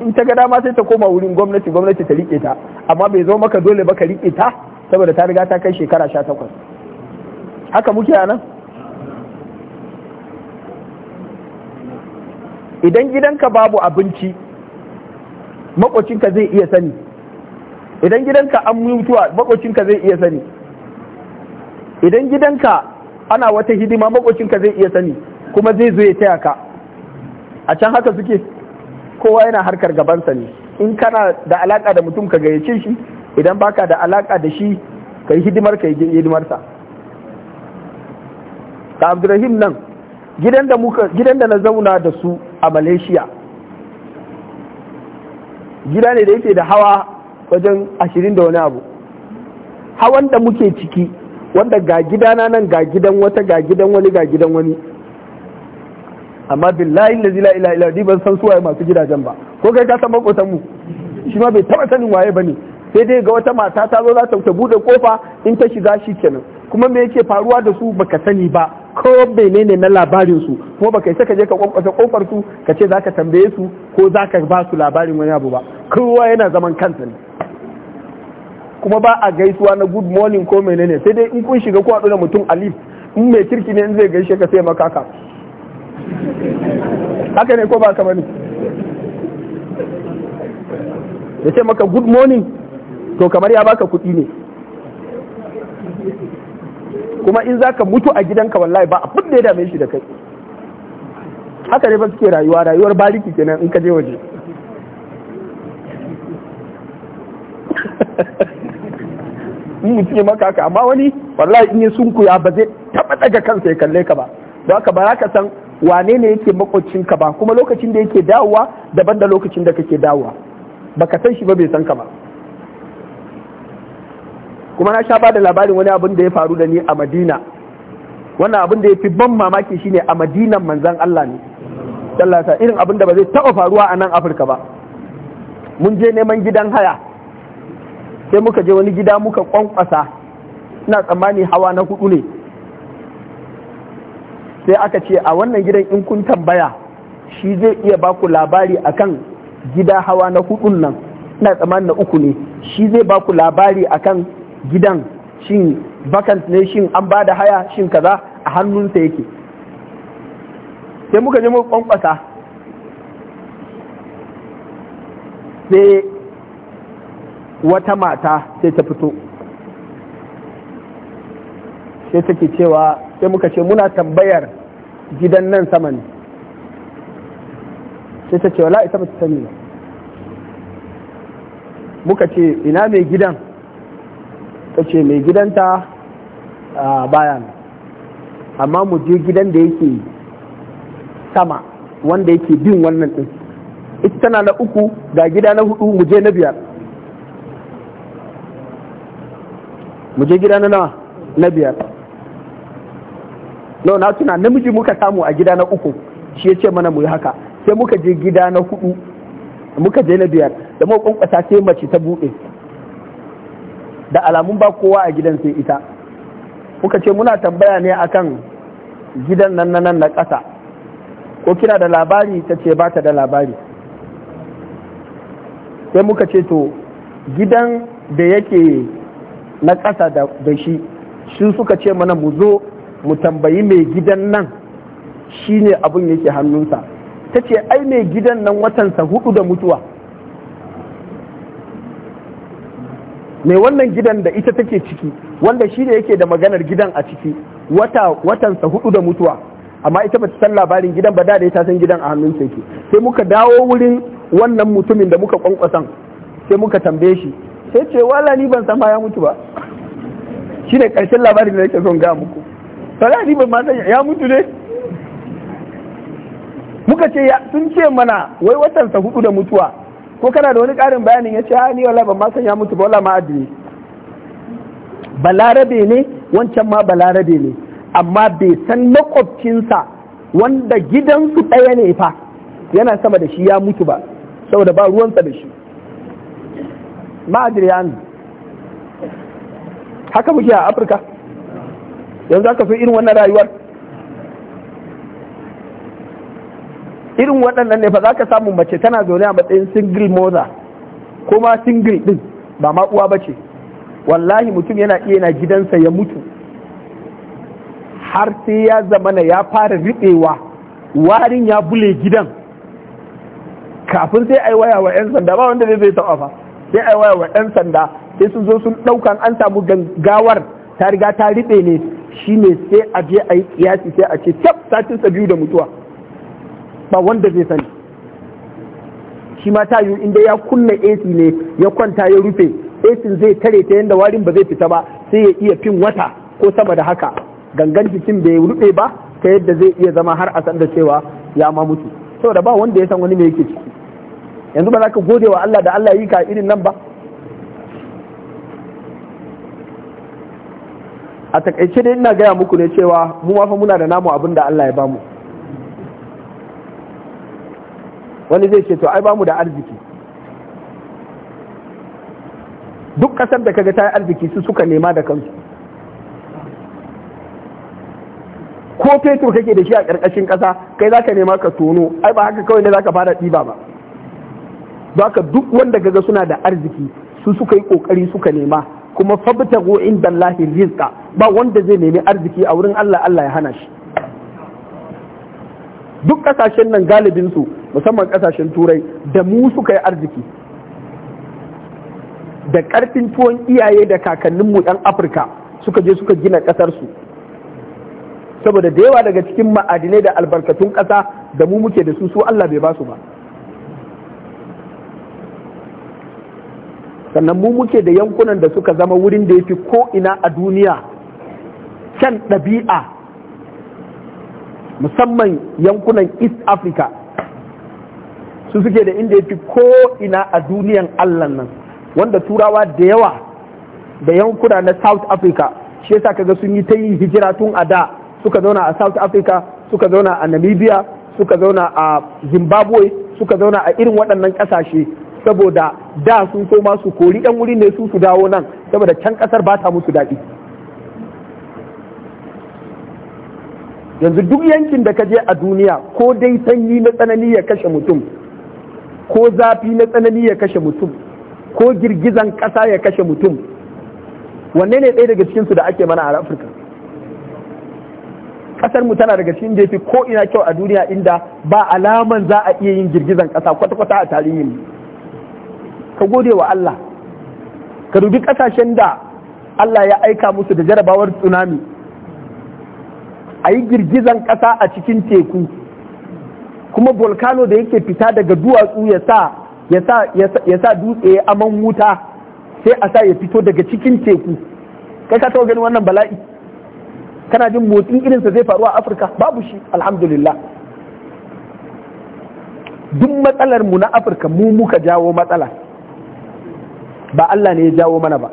in ta ga dama sai ta koma wurin gwamnati gwamnati ta rike ta amma bai zo maka dole ba ka rike ta saboda ta riga ta kai shekara sha takwas haka muke a nan idan gidanka babu abinci makocinka zai iya sani idan gidanka an mutuwa makocinka zai iya sani idan gidanka ana wata hidima makocinka zai iya sani kuma zai zo ya taya ka a can haka suke kowa yana harkar gabansa ne in kana da alaka da mutum ka gayyace shi idan baka da alaka da shi ka yi hidimar ka yi hidimarsa ka abdurrahim nan gidan da gidan da na zauna da su a malaysia gida ne da yake da hawa wajen ashirin da wani abu hawan da muke ciki wanda ga gidana nan ga gidan wata ga gidan wani ga gidan wani amma billahi lazi la ilaha illa ban san suwaye masu gidajen ba ko kai ka san makotan mu shi ma bai taba sanin waye ba ne, sai dai ga wata mata ta zo za ta ta bude kofa in ta shiga shi kenan kuma me yake faruwa da su baka sani ba ko menene na labarin su kuma baka isa ka je ka kwankwasa kofar su ka ce zaka tambaye su ko zaka ba su labarin wani abu ba kowa yana zaman kansa ne kuma ba a gaisuwa na good morning ko menene sai dai in kun shiga ko da mutum alif in mai kirki ne in zai gaishe ka sai maka haka ne ko ba ka bane ya ce maka good morning to kamar ya baka kuɗi ne kuma in zaka mutu a gidanka wallahi ba abin da ya dame shi da kai haka ne ba suke rayuwa rayuwar bariki kenan in ka je waje in mutum ya maka haka amma wani wallahi in ya sunkuya ba zai taɓa daga kansa ya kalle ka ba don haka ba za ka san wane ne yake makwacinka ba kuma lokacin da yake dawowa daban da lokacin da kake dawowa baka san shi ba bai san ka ba kuma na sha ba da labarin wani abin da ya faru da ni a madina wannan abin da ya fi ban mamaki shine a madinan manzan Allah ne sallata irin abin da ba zai taɓa faruwa a nan afirka ba mun je neman gidan haya sai muka je wani gida muka kwankwasa ina tsammani hawa na hudu ne sai aka ce a wannan gidan in kun tambaya shi zai iya baku labari akan gida hawa na hudun nan ina tsammanin na uku ne shi zai baku labari akan gidan shin vacant ne shin an ba da haya shin kaza a hannunsa yake sai muka je mu kwankwasa sai wata mata sai ta fito sai take cewa sai muka ce muna tambayar gidan nan sama ne sai ta ce wala ita ba ta sani ba muka ce ina mai gidan ta ce mai gidanta a bayan amma mu je gidan da yake sama wanda yake bin wannan ɗin ita tana na uku ga gida na hudu mu je na biyar mu je gida na nawa na biyar no na tuna namiji muka samu a gida na uku shi ya ce mana mu yi haka sai muka je gida na hudu muka je na biyar da muka kwankwasa sai mace ta buɗe da alamun ba kowa a gidan sai ita muka ce muna tambaya ne akan gidan nan nan na ƙasa ko kina da labari ta ce ba ta da labari sai muka ce to gidan da yake na ƙasa da shi su suka ce mana mu zo mu tambayi mai gidan nan shi ne abin yake hannunsa ta ce ai mai gidan nan watansa hudu da mutuwa mai wannan gidan da ita take ciki wanda shi ne yake da maganar gidan a ciki wata watansa hudu da mutuwa amma ita bata san labarin gidan ba da da ta san gidan a hannun sa yake sai muka dawo wurin wannan mutumin da muka kwankwasan sai muka tambaye shi sai ce wala ni ban san ma ya mutu ba Shi ne karshen labarin da nake son ga muku tsara ni ban matan ya mutu ne muka ce sun ce mana wai watansa hudu da mutuwa ko kana da wani karin bayanin ya ce ah, ni wala ban san ya mutu ba wala ma addini balarabe ne wancan ma balarabe ne amma bai san makwabcinsa wanda gidansu ɗaya ne fa yana sama da shi ya mutu ba saboda ba ruwansa da shi ma haka muke a afirka yanzu aka fi irin wannan rayuwar irin waɗannan ne fa za ka samu mace tana zaune a matsayin single mother ko ma single ɗin ba ma uwa ba ce wallahi mutum yana iya na gidansa ya mutu har sai ya zamana ya fara riɓewa warin ya bule gidan kafin sai ai waya wa 'yan sanda ba wanda zai taɓa fa sai ai waya wa 'yan sanda sai sun zo sun ɗaukan an samu gawar ta riga ta riɓe ne Shi ne sai a je a yi kiyasi sai a ce tab sa biyu da mutuwa ba wanda zai sani shi ma ta yiwu inda ya kunna AC ne ya kwanta ya rufe AC zai tare ta yadda warin ba zai fita ba sai ya iya fin wata ko sama da haka gangan jikin bai rufe ba ta yadda zai iya zama har a san da cewa ya ma mutu saboda ba wanda ya san wani me yake ciki yanzu ba za ka gode wa Allah da Allah yi ka irin nan ba a takaice dai ina gaya muku ne cewa mu wafa muna da namu abin da Allah ya bamu wani zai ce to ai bamu da arziki duk kasar da kaga ta yi arziki su suka nema da kansu ko fetur kake da shi a ƙarƙashin ƙasa kai za ka nema ka tono ai ba haka kawai ne za ka fara ɗiba ba za ka duk wanda kaga suna da arziki su suka yi ƙoƙari suka nema kuma fabtagu inda lahi rizqa ba wanda zai nemi arziki a wurin Allah Allah ya hana shi duk kasashen nan galibin su musamman kasashen turai da mu suka yi arziki da karfin tuwon iyaye da kakanninmu yan afirka suka je suka gina kasar saboda da yawa daga cikin ma'adinai da albarkatun kasa da mu muke da su su Allah bai ba su ba sannan mu muke da yankunan da suka zama wurin da ya fi ko'ina a duniya can ɗabi'a musamman yankunan east africa su suke da inda ya fi ko'ina a duniyan allah nan wanda turawa da yawa da yankuna na south africa shi yasa kaga sun yi ta yi hijira tun a da suka zauna a south africa suka zauna a namibia suka zauna a zimbabwe suka zauna a irin waɗannan ƙasashe saboda da sun so ma su kori yan wuri ne su su dawo nan saboda can kasar ba ta musu daɗi yanzu duk yankin da ka je a duniya ko dai sanyi na tsanani ya kashe mutum ko zafi na tsanani ya kashe mutum ko girgizan ƙasa ya kashe mutum wanne ne ɗaya daga cikinsu da ake mana a afirka ƙasar mu tana daga cikin jefi ko ina kyau a duniya inda ba alaman za a iya yin girgizan ƙasa kwata-kwata a tarihin mu ka gode wa Allah ka dubi kasashen da Allah ya aika musu da jarabawar tsunami a yi girgizan kasa a cikin teku kuma volcano da yake fita daga duwatsu ya sa ya sa dutse a aman wuta sai a sa ya fito daga cikin teku kai ka taɓa gani wannan bala'i kana jin motsin irinsa zai faru a afirka babu shi alhamdulillah duk matsalar mu na afirka mu muka jawo matsala ba Allah ne ya jawo mana ba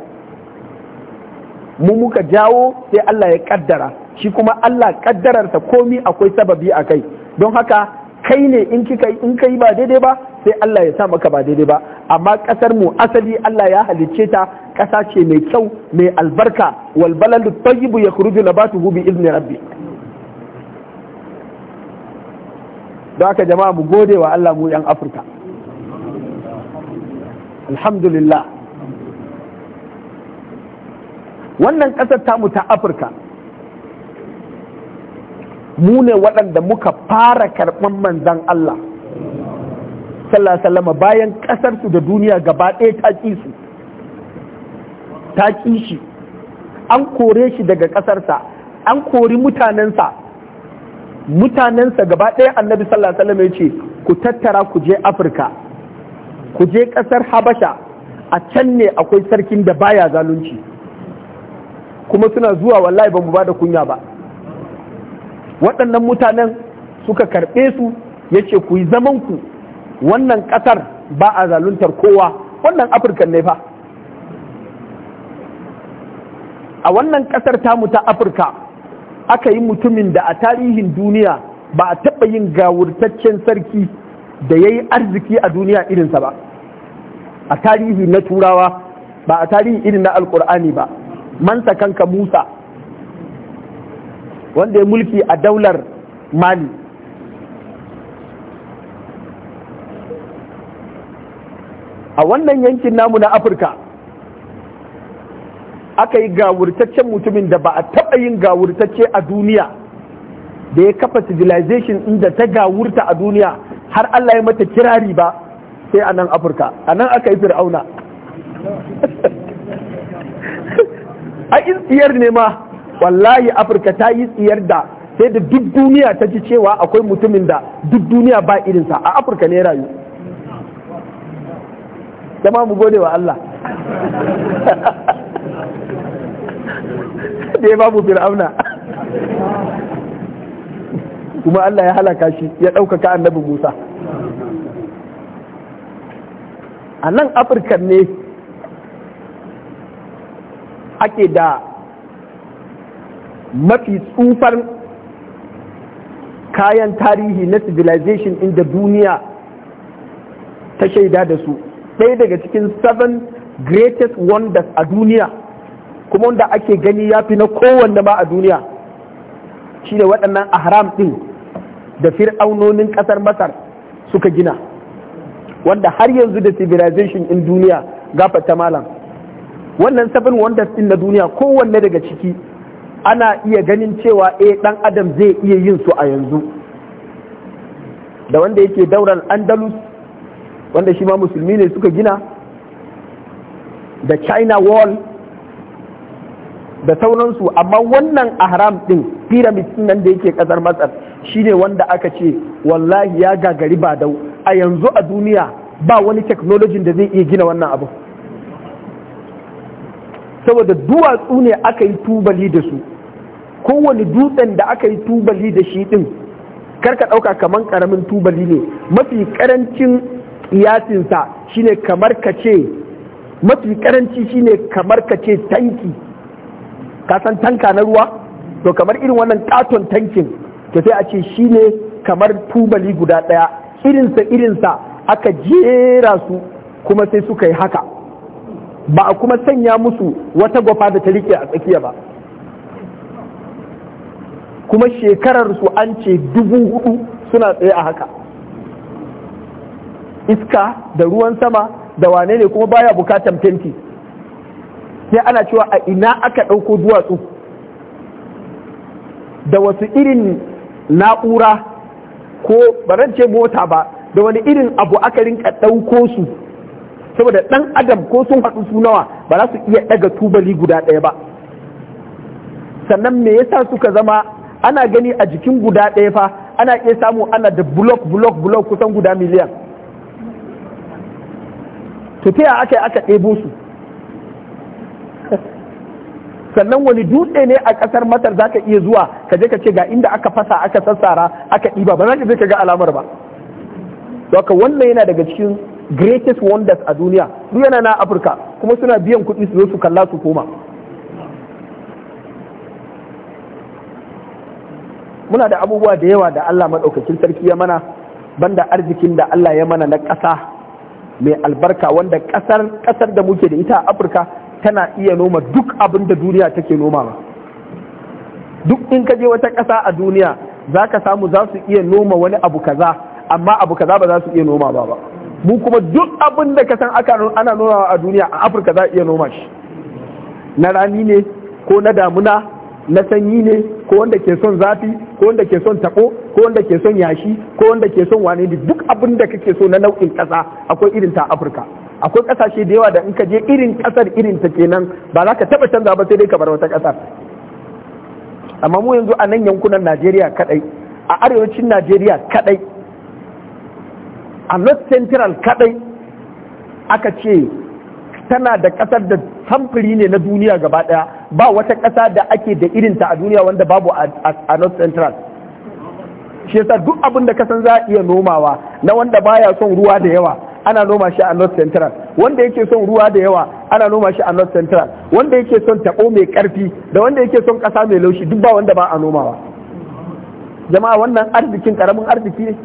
mu muka jawo sai Allah ya kaddara shi kuma Allah kaddararsa komi akwai sababi a kai don haka kai ne in kika in kai ba daidai ba sai Allah ya sa maka ba daidai ba amma kasar mu asali Allah ya halicce ta kasa ce mai kyau mai albarka wal baladu tayyibu yakhruju nabatuhu bi izni rabbi don haka jama'a mu gode wa Allah mu yan Afirka alhamdulillah wannan ƙasar ta tamu ta afirka mu ne waɗanda muka fara karɓar manzan Allah sallama bayan ƙasarsu da duniya gaba ɗaya ta ƙi su ta ƙi shi an kore shi daga ƙasarsa an kori mutanensa mutanensa gaba ɗaya annabi sallama ya ce ku tattara ku je afirka ku je ƙasar habasha a can ne akwai sarkin da baya zalunci. kuma suna zuwa wallahi ba mu ba da kunya ba waɗannan mutanen suka karɓe su ya ce ku yi zamanku wannan ƙasar ba a zaluntar kowa wannan Afirka ne fa a wannan ƙasar tamu ta afirka aka yi mutumin da a tarihin duniya ba a taɓa yin gawurtaccen sarki da ya yi arziki a duniya irinsa ba a tarihi na turawa ba a tarihi irin na alkur'ani ba Mansa kanka Musa wanda ya mulki a daular Mali a wannan yankin namu na Afirka aka yi gawurtaccen mutumin da ba a taɓa yin gawurtacce a duniya da ya kafa civilization inda ta gawurta a duniya har Allah ya mata kirari ba sai a nan Afirka a nan aka yi fir'auna a tsiyar ne ma wallahi afirka ta yi tsiyar da sai da duk duniya ta ji cewa akwai mutumin da duk duniya ba irinsa a afirka ne rayu jama mu gode wa Allah da ya ba mu fir'auna kuma Allah ya halaka shi ya ɗaukaka annabi Musa a nan afirka ne ake da mafi tsufar kayan tarihi na civilization inda duniya ta shaida da su ɗaya daga cikin seven greatest wonders a duniya kuma wanda ake gani ya fi na kowanne ma a duniya shi ne waɗannan ahram ɗin da fir'aunonin ƙasar masar suka gina wanda har yanzu da civilization in duniya gafata malam wannan seven wonders din na duniya kowanne daga ciki ana iya ganin cewa eh dan adam zai iya yin su a yanzu da wanda yake dauran andalus wanda shi ma musulmi ne suka gina da china wall da sauransu amma wannan ahram din pyramid din nan da yake kasar masar shine wanda aka ce wallahi ya gagari ba dau a yanzu a duniya ba wani technology da zai iya gina wannan abu saboda duwatsu ne aka yi tubali da su kowane dutsen da aka yi tubali da shi din karka ɗauka kamar karamin tubali ne mafi ƙarancin iyasinsa shine kamar ka ce mafi shine kamar ka ce tanki ka san tanka na ruwa to kamar irin wannan katon tankin to sai a ce shine kamar tubali guda ɗaya irinsa irinsa aka jera su kuma sai suka yi haka ba a kuma sanya musu wata gwafa da ta rike a tsakiya ba kuma shekarar su an ce dubu hudu suna tsaye a haka iska da ruwan sama da wane ne kuma baya bukatan fenti sai ana cewa a ina aka ɗauko duwatsu da wasu irin na'ura ko barance mota ba da wani irin abu aka rinka ɗauko su saboda ɗan adam ko sun haɗu su nawa ba za su iya ɗaga tubali guda ɗaya ba sannan me yasa suka zama ana gani a jikin guda ɗaya fa ana iya samu ana da block block block kusan guda miliyan to ta aka aka ɗebo su sannan wani dutse ne a ƙasar matar za ka iya zuwa ka je ka ce ga inda aka fasa aka sassara aka ɗiba ba za ka je ka ga alamar ba. Doka wannan yana daga cikin greatest wonders a duniya duk yana na afirka kuma suna biyan kuɗi su zo su kalla su koma muna da abubuwa da yawa da allah maɗaukakin sarki ya mana banda arzikin da allah ya mana na ƙasa mai albarka wanda ƙasar ƙasar da muke da ita a afirka tana iya noma duk abin da duniya take nomawa duk in ka je wata ƙasa a duniya za ka samu za su iya noma wani abu kaza amma abu kaza ba za su iya noma ba ba mu kuma duk abin da ka san aka ana nomawa a duniya a afirka za a iya noma shi na rani ne ko na damuna na sanyi ne ko wanda ke son zafi ko wanda ke son tako ko wanda ke son yashi ko wanda ke son wane duk abin da kake so na nau'in kasa akwai irin ta afirka akwai ƙasashe da yawa da in ka je irin kasar irin ta kenan ba za ka taɓa canza ba sai dai ka bar wata ƙasar amma mu yanzu a nan yankunan najeriya kaɗai a arewacin najeriya kaɗai a north central kadai aka ce tana da kasar da samfuri ne na duniya gaba daya ba wata kasa da ake da irinta a duniya wanda babu a north central shi yasa duk abin da kasan za a iya nomawa na wanda baya son ruwa da yawa ana noma shi a north central wanda yake son ruwa da yawa ana noma shi a north central wanda yake son tabo mai karfi da wanda yake son kasa mai laushi duk ba wanda ba a nomawa jama'a wannan arzikin karamin arziki ne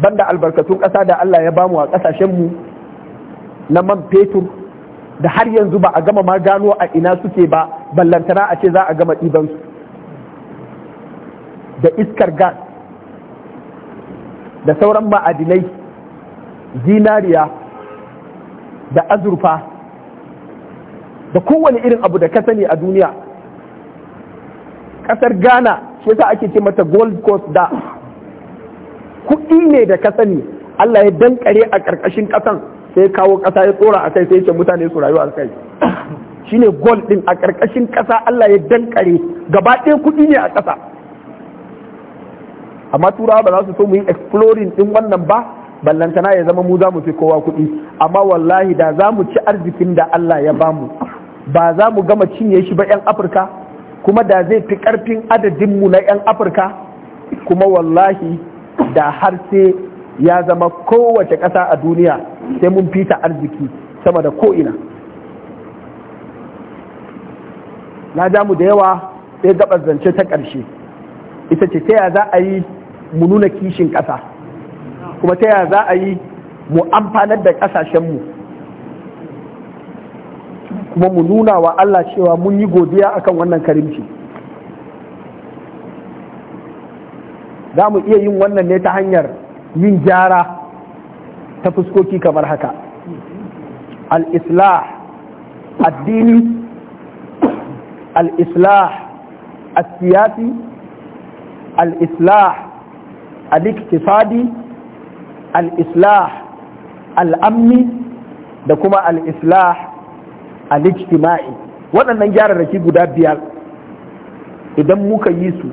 banda albarkatun ƙasa da Allah ya bamu a ƙasashenmu na man fetur da har yanzu ba a gama ma gano a ina suke ba ballantana a ce za a gama ɗibansu da iskar gas da sauran ma'adinai zinariya da azurfa da kowane irin abu da ka sani a duniya ƙasar ghana shi yasa ake ce mata gold coast da kuɗi ne da ka sani Allah ya dankare a ƙarƙashin ƙasan sai kawo ƙasa ya tsora a kai sai ce mutane su rayu a kai shine gol ɗin a ƙarƙashin ƙasa Allah ya dankare gaba ɗaya kuɗi ne a ƙasa amma turawa ba za su so mu yi exploring ɗin wannan ba ballantana ya zama mu za mu fi kowa kuɗi amma wallahi da za mu ci arzikin da Allah ya bamu ba za mu gama cinye shi ba 'yan afirka kuma da zai fi ƙarfin adadinmu na 'yan afirka kuma wallahi da har sai ya zama kowace ƙasa a duniya sai mun fita arziki sama da ko'ina na ja mu da yawa sai gabar zance ta ƙarshe ita ce ta ya za a yi mu nuna kishin ƙasa kuma ta ya za a yi mu amfanar da ƙasashenmu kuma mu nuna wa Allah cewa mun yi godiya akan wannan karimci. za mu iya yin wannan ne ta hanyar yin gyara ta fuskoki kamar haka al-islah addini al-islah السياسي الإصلاح الاقتصادي الإصلاح da kuma al'islah al'ijtima'i waɗannan gyararraki guda biyar idan muka yi su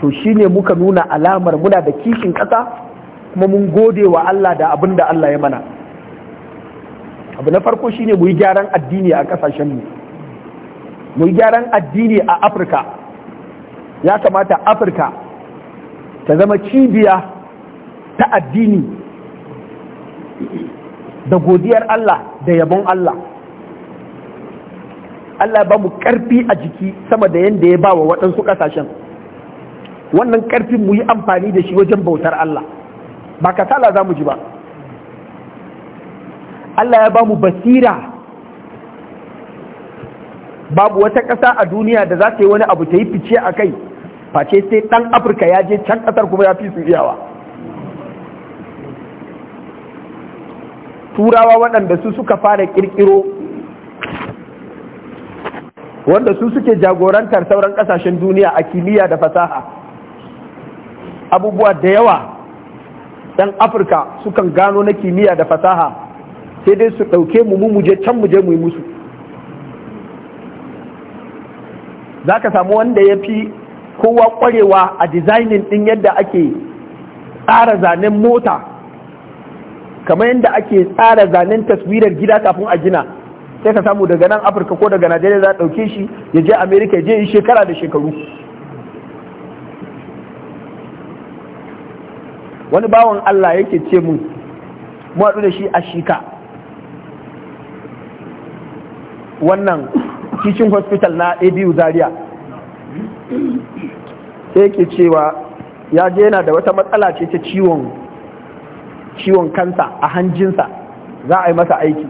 to shine muka nuna alamar muna da kishin ƙasa kuma mun gode wa Allah da abin da Allah ya mana abu na farko shine ne yi gyaran addini a ƙasashenmu mu Muyi gyaran addini a afirka ya kamata afirka ta zama cibiya ta addini da godiyar Allah da yabon Allah Allah ba mu ƙarfi a jiki sama da yadda ya ba wa waɗansu ƙasashen wannan karfin mu yi amfani da shi wajen bautar Allah ba kasala za mu ji ba Allah ya ba mu basira babu wata ƙasa a duniya da za ta yi wani abu ta yi fice a kai face sai ɗan afirka ya je can ƙasar kuma ya fi su iyawa turawa waɗanda su suka fara ƙirƙiro wanda su suke jagorantar sauran ƙasashen duniya a kimiyya da fasaha abubuwa da yawa ɗan afirka sukan gano na kimiyya da fasaha sai dai su ɗauke mu mu je can mu je mu yi musu za ka samu wanda ya fi kowa ƙwarewa a dizainin ɗin yadda ake tsara zanen mota kamar yadda ake tsara zanen taswirar gida kafin a gina sai ka samu daga nan afirka ko daga najeriya za a ɗauke shi ya je amerika ya je yi shekara da shekaru wani bawan Allah yake ce mu mu haɗu da shi a shika wannan kicin hospital na abu zaria sai yake cewa ya je yana da wata matsala ce ta ciwon ciwon kansa a hanjinsa za a yi masa aiki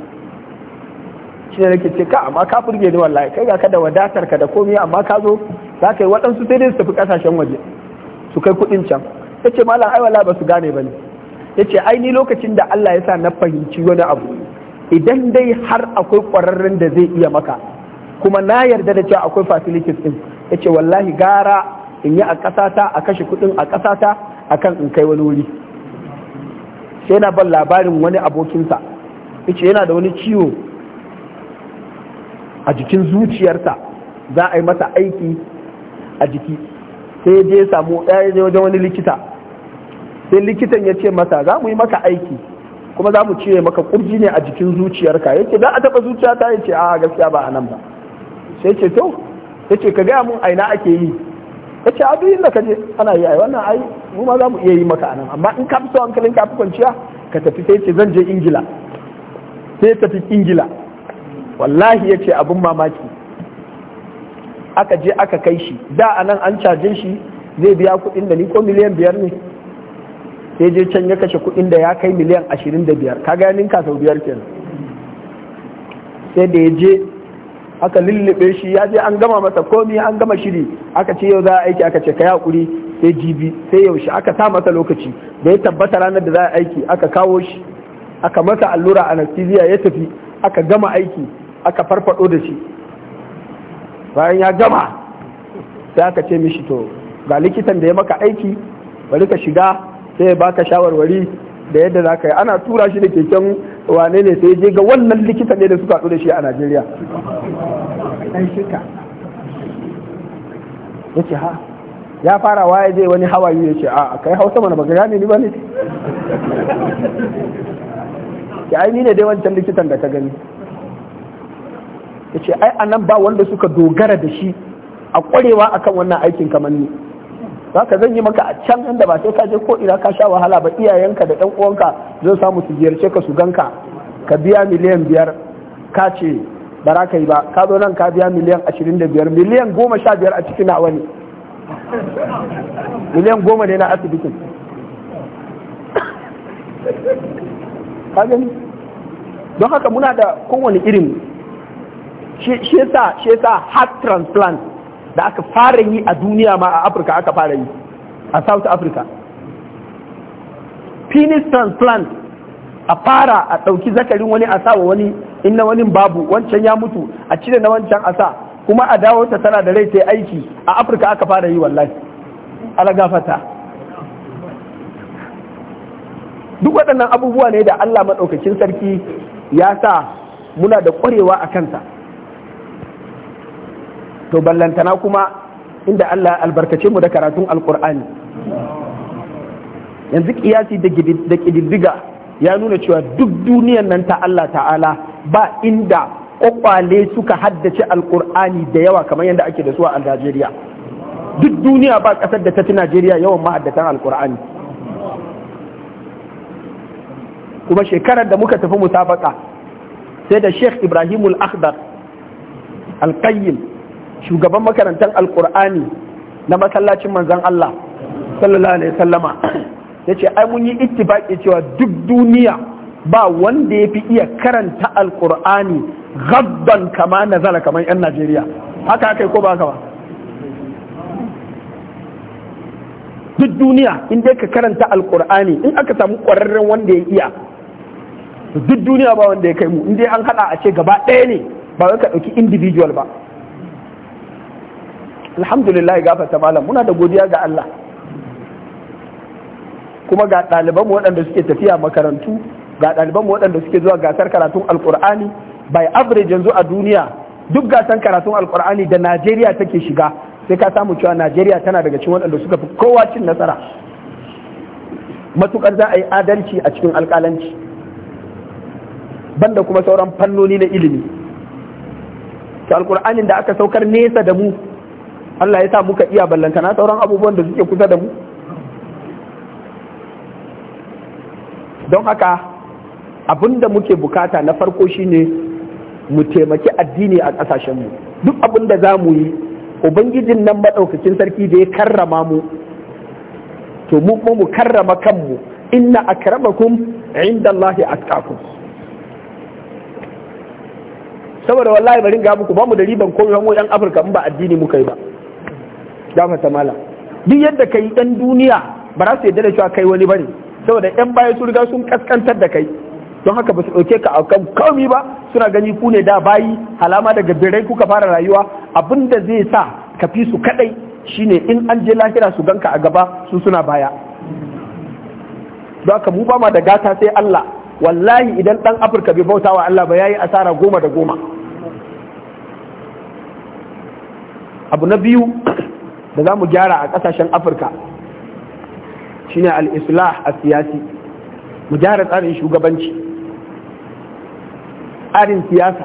shi ne nake ce ka amma ka furge ni wallahi kai ga ka wadatar ka da komi amma ka zo za ka yi waɗansu sai dai su tafi ƙasashen waje su kai kuɗin can yace ce malam ai wala ba su gane ba ne ya ce ai ni lokacin da Allah ya sa na fahimci wani abu idan dai har akwai ƙwararren da zai iya maka kuma na yarda da cewa akwai facilities din yace wallahi gara in yi a ƙasata a kashe kuɗin a ƙasata a kan in kai wani wuri sai na ban labarin wani abokinsa ya ce yana da wani ciwo a jikin zuciyarsa za a yi masa aiki a jiki sai ya je samu ɗaya je wajen wani likita sai likitan ya ce masa za mu yi maka aiki kuma za mu cire maka kurji ne a jikin zuciyarka yake za a taba zuciyata yace a gaskiya ba a nan ba sai ce to yace ka gaya mun aina ake yi yace a duk inda ka je ana yi ai wannan ai mu ma za mu iya yi maka a nan. amma in ka fi so kalin ka fi kwanciya ka tafi sai ce zan je ingila sai tafi ingila wallahi yace abin mamaki aka je aka kai shi da anan an caje shi zai biya kuɗin da ni ko miliyan biyar ne Sai je can ya kashe kuɗin da ya kai miliyan ashirin da biyar ka ya ka sau biyar kenan sai da ya je aka lullube shi ya je an gama masa komi an gama shiri aka ce yau za a aiki aka ce ka hakuri sai jibi sai yaushe aka sa masa lokaci da ya tabbata ranar da za a aiki aka kawo shi aka masa allura anesthesia ya tafi aka gama aiki aka farfado da shi bayan ya gama sai aka ce mishi to ga likitan da ya maka aiki bari ka shiga sai ya baka shawarwari da yadda za ka yi ana tura shi da keken wane ne sai je ga wannan likita ne da suka haɗu da shi a najeriya ya ce ha ya fara waye zai wani hawaye ya ce a kai hausa mana baka gane ni ba ne ya ai ni ne dai wancan likitan da ka gani ya ce ai anan ba wanda suka dogara da shi a kwarewa akan wannan aikin kamar ni za ka zan yi maka a can inda ba sai ka je ko ina ka sha wahala ba iyayenka da ɗan uwanka zai samu su ziyarce ka su ganka ka biya miliyan biyar ka ce ba za ka yi ba ka zo nan ka biya miliyan ashirin da biyar miliyan goma sha biyar a cikin nawa ne miliyan goma ne na asibitin ka gani don haka muna da kowane irin shi yasa shi heart transplant da aka fara yi a duniya ma a afirka aka fara yi a south africa penis transplant a fara a ɗauki zakarin wani a sa wa wani in na wani babu wancan ya mutu a cire na wancan asa kuma a dawo ta tana da rai ta aiki a afirka aka fara yi wallahi ala gafata duk waɗannan abubuwa ne da allah maɗaukacin sarki ya sa muna da ƙwarewa a kansa to ballantana kuma inda Allah albarkace mu da karatun alkur'ani yanzu kiyasi da kididdiga ya nuna cewa duk duniyan nan ta Allah ta'ala ba inda kwakwale suka haddace alkur'ani da yawa kamar yadda ake da su a Najeriya duk duniya ba kasar da ta fi Najeriya yawan ma'addatan alkur'ani kuma shekarar da muka tafi musabaka sai da Sheikh Ibrahim al-Akhdar al-Qayyim shugaban makarantar alkur'ani na masallacin manzan Allah sallallahu alaihi sallama ya ce ai mun yi ittifaki cewa duk duniya ba wanda ya fi iya karanta alkur'ani gabban kama nazara kamar 'yan Najeriya haka haka ko ba haka ba duk duniya in dai ka karanta alkur'ani in aka samu ƙwararren wanda ya iya duk duniya ba wanda ya kai mu in dai an haɗa a ce gaba ɗaya ne ba wai ka ɗauki individual ba alhamdulillah gafarta malam muna da godiya ga Allah kuma ga ɗalibanmu waɗanda suke tafiya makarantu ga ɗalibanmu waɗanda suke zuwa gasar karatun alkur'ani by average yanzu a duniya duk gasar karatun alkur'ani da najeriya take shiga sai ka samu cewa najeriya tana daga cikin waɗanda suka fi kowa cin nasara matukar za a yi adalci a cikin alƙalanci banda kuma sauran fannoni na ilimi to alkur'anin da aka saukar nesa da mu Allah ya sa muka iya na sauran abubuwan da suke kusa da mu don haka abin da muke bukata na farko shine mu taimaki addini a ƙasashenmu duk abin da za mu yi ubangijin nan maɗaukakin sarki da ya karrama mu to mu kuma mu karrama kanmu inna akramakum indallahi atqakum saboda wallahi bari ga muku ba mu da riban komai wani yan afirka in ba addini muka yi ba ta mala duk yadda kai dan duniya ba za su yadda da cewa kai wani bane saboda yan baya su riga sun kaskantar da kai don haka ba su ɗauke ka a kan ba suna gani ku ne da bayi alama daga birai kuka fara rayuwa abin da zai sa ka fi su kadai shine in an je lahira su ganka a gaba su suna baya don haka mu ba ma da gata sai Allah wallahi idan dan Afirka bai bauta wa Allah ba yayi asara goma da goma abu na biyu da za mu gyara a ƙasashen afirka shine al-islah a siyasi mu gyara tsarin shugabanci tsarin siyasa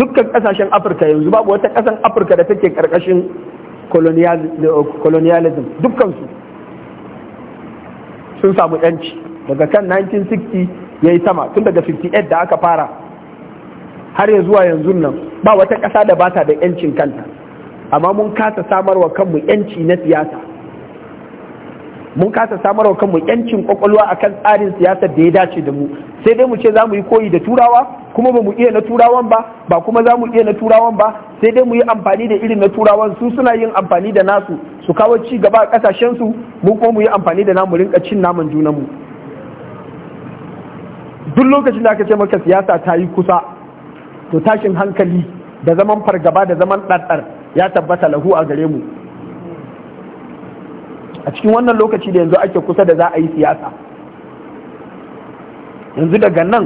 dukkan ƙasashen afirka yanzu babu wata ƙasan afirka da take ƙarƙashin colonialism dukkansu sun samu yanci daga kan 1960 ya yi sama tun daga 58 da aka fara har ya zuwa yanzu nan ba wata ƙasa da ba ta da yancin kanta amma mun kasa samarwa kanmu yanci na siyasa mun kasa samarwa kanmu yancin kwakwalwa akan tsarin siyasar da ya dace da mu sai dai mu ce za mu yi koyi da turawa kuma ba mu iya na turawan ba ba kuma za mu iya na turawan ba sai dai mu yi amfani da irin na turawan su suna yin amfani da nasu su kawo ci gaba a kasashen su mu kuma mu yi amfani da namu rinka cin naman junan mu duk lokacin da aka ce maka siyasa ta yi kusa to tashin hankali da zaman fargaba da zaman ɗarɗar ya tabbata lahu a gare mu a cikin wannan lokaci da yanzu ake kusa da za a yi siyasa yanzu daga nan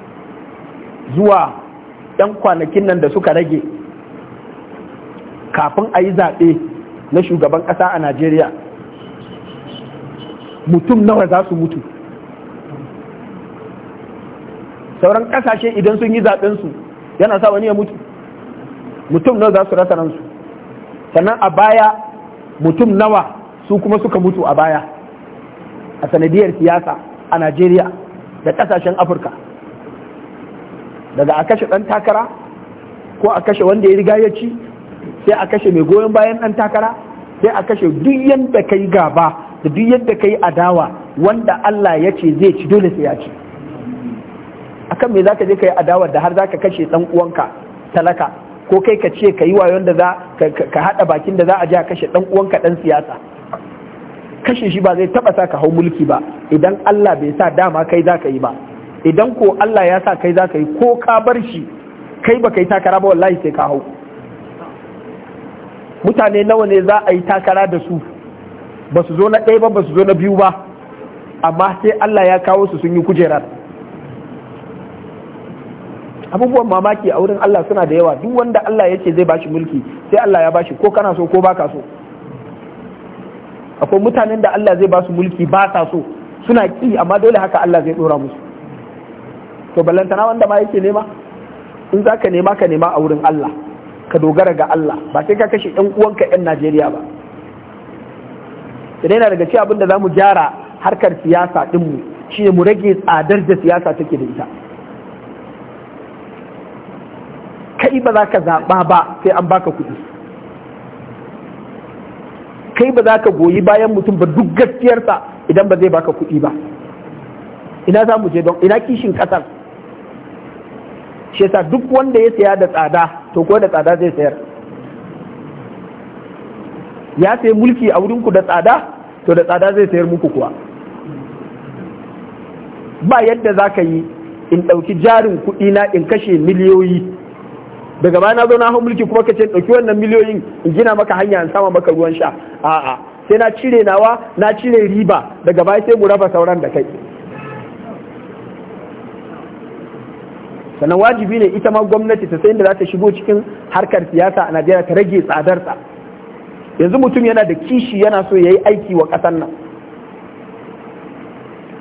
zuwa 'yan kwanakin nan da suka rage kafin a yi zaɓe na shugaban ƙasa a najeriya mutum nawa za su mutu sauran ƙasashe idan sun yi zaɓensu yana sa wani ya mutu mutum nawa za su rasa ransu sannan a baya mutum nawa su kuma suka mutu a baya a sanadiyar siyasa a najeriya da kasashen afirka daga a kashe ɗan takara ko a kashe wanda ya riga ya ci sai a kashe mai goyon bayan ɗan takara sai a kashe duk yadda ka yi gaba da duk yadda ka yi adawa wanda Allah ya ce zai ci dole sai ya ci akan me za ka je ka yi adawa da har za ka kashe ɗan uwanka talaka ko kai ka ce ka yi wayon da za ka haɗa bakin da za a ja kashe ɗan uwanka kaɗan siyasa kashe shi ba zai taɓa sa ka hau mulki ba idan Allah bai sa dama kai za ka yi ba idan ko Allah ya sa kai za ka yi ko ka bar shi kai ba ka yi takara ba wallahi sai ka hau mutane nawa ne za a yi takara da su ba su zo na ɗaya ba ba su zo na biyu ba amma sai Allah ya kawo su sun yi kujerar abubuwan mamaki a wurin Allah suna da yawa duk wanda Allah ya ce zai bashi mulki sai Allah ya bashi ko kana so ko baka so akwai mutanen da Allah zai basu mulki ba sa so suna ki amma dole haka Allah zai dora musu to ballantana wanda ma yake nema in zaka nema ka nema a wurin Allah ka dogara ga Allah ba sai ka kashe yan uwanka yan Najeriya ba idan yana daga cikin abin da zamu gyara harkar siyasa dinmu shine mu rage tsadar da siyasa take da ita kai ba za ka zaɓa ba sai an baka kuɗi kai ba za ka goyi bayan mutum ba duk gaskiyarsa idan ba zai baka kuɗi ba ina za mu je don ina kishin ƙasar shesa duk wanda ya saya da tsada to ko da tsada zai sayar ya sayi mulki a wurinku da tsada to da tsada zai sayar muku kuwa ba yadda za ka yi in ɗauki jarin kuɗi na in kashe miliyoyi daga baya na zo na hau mulki kuma kace dauki wannan miliyoyin in gina maka hanya in sama maka ruwan sha a'a sai na cire nawa na cire riba daga baya sai mu raba sauran da kai sannan wajibi ne ita ma gwamnati ta sai da za ta shigo cikin harkar siyasa a Najeriya ta rage tsadarsa yanzu mutum yana da kishi yana so ya yi aiki wa ƙasar nan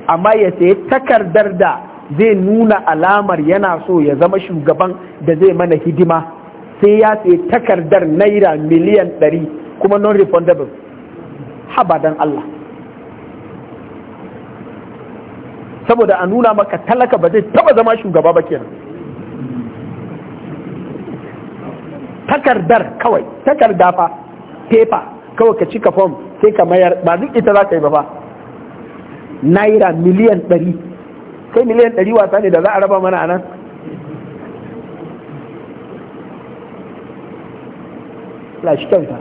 amma ya sayi takardar da zai nuna alamar yana so ya zama shugaban da zai mana hidima sai ya sai takardar naira miliyan ɗari kuma non-refundable habadan Allah saboda a nuna maka talaka ba zai taba zama shugaba ba kenan takardar kawai takarda fa pepa kawai ka cika fom sai ka mayar ba duk ita za ka yi ba fa naira miliyan ɗari kai miliyan ɗari wasa ne da za a raba mana anan nan kyauta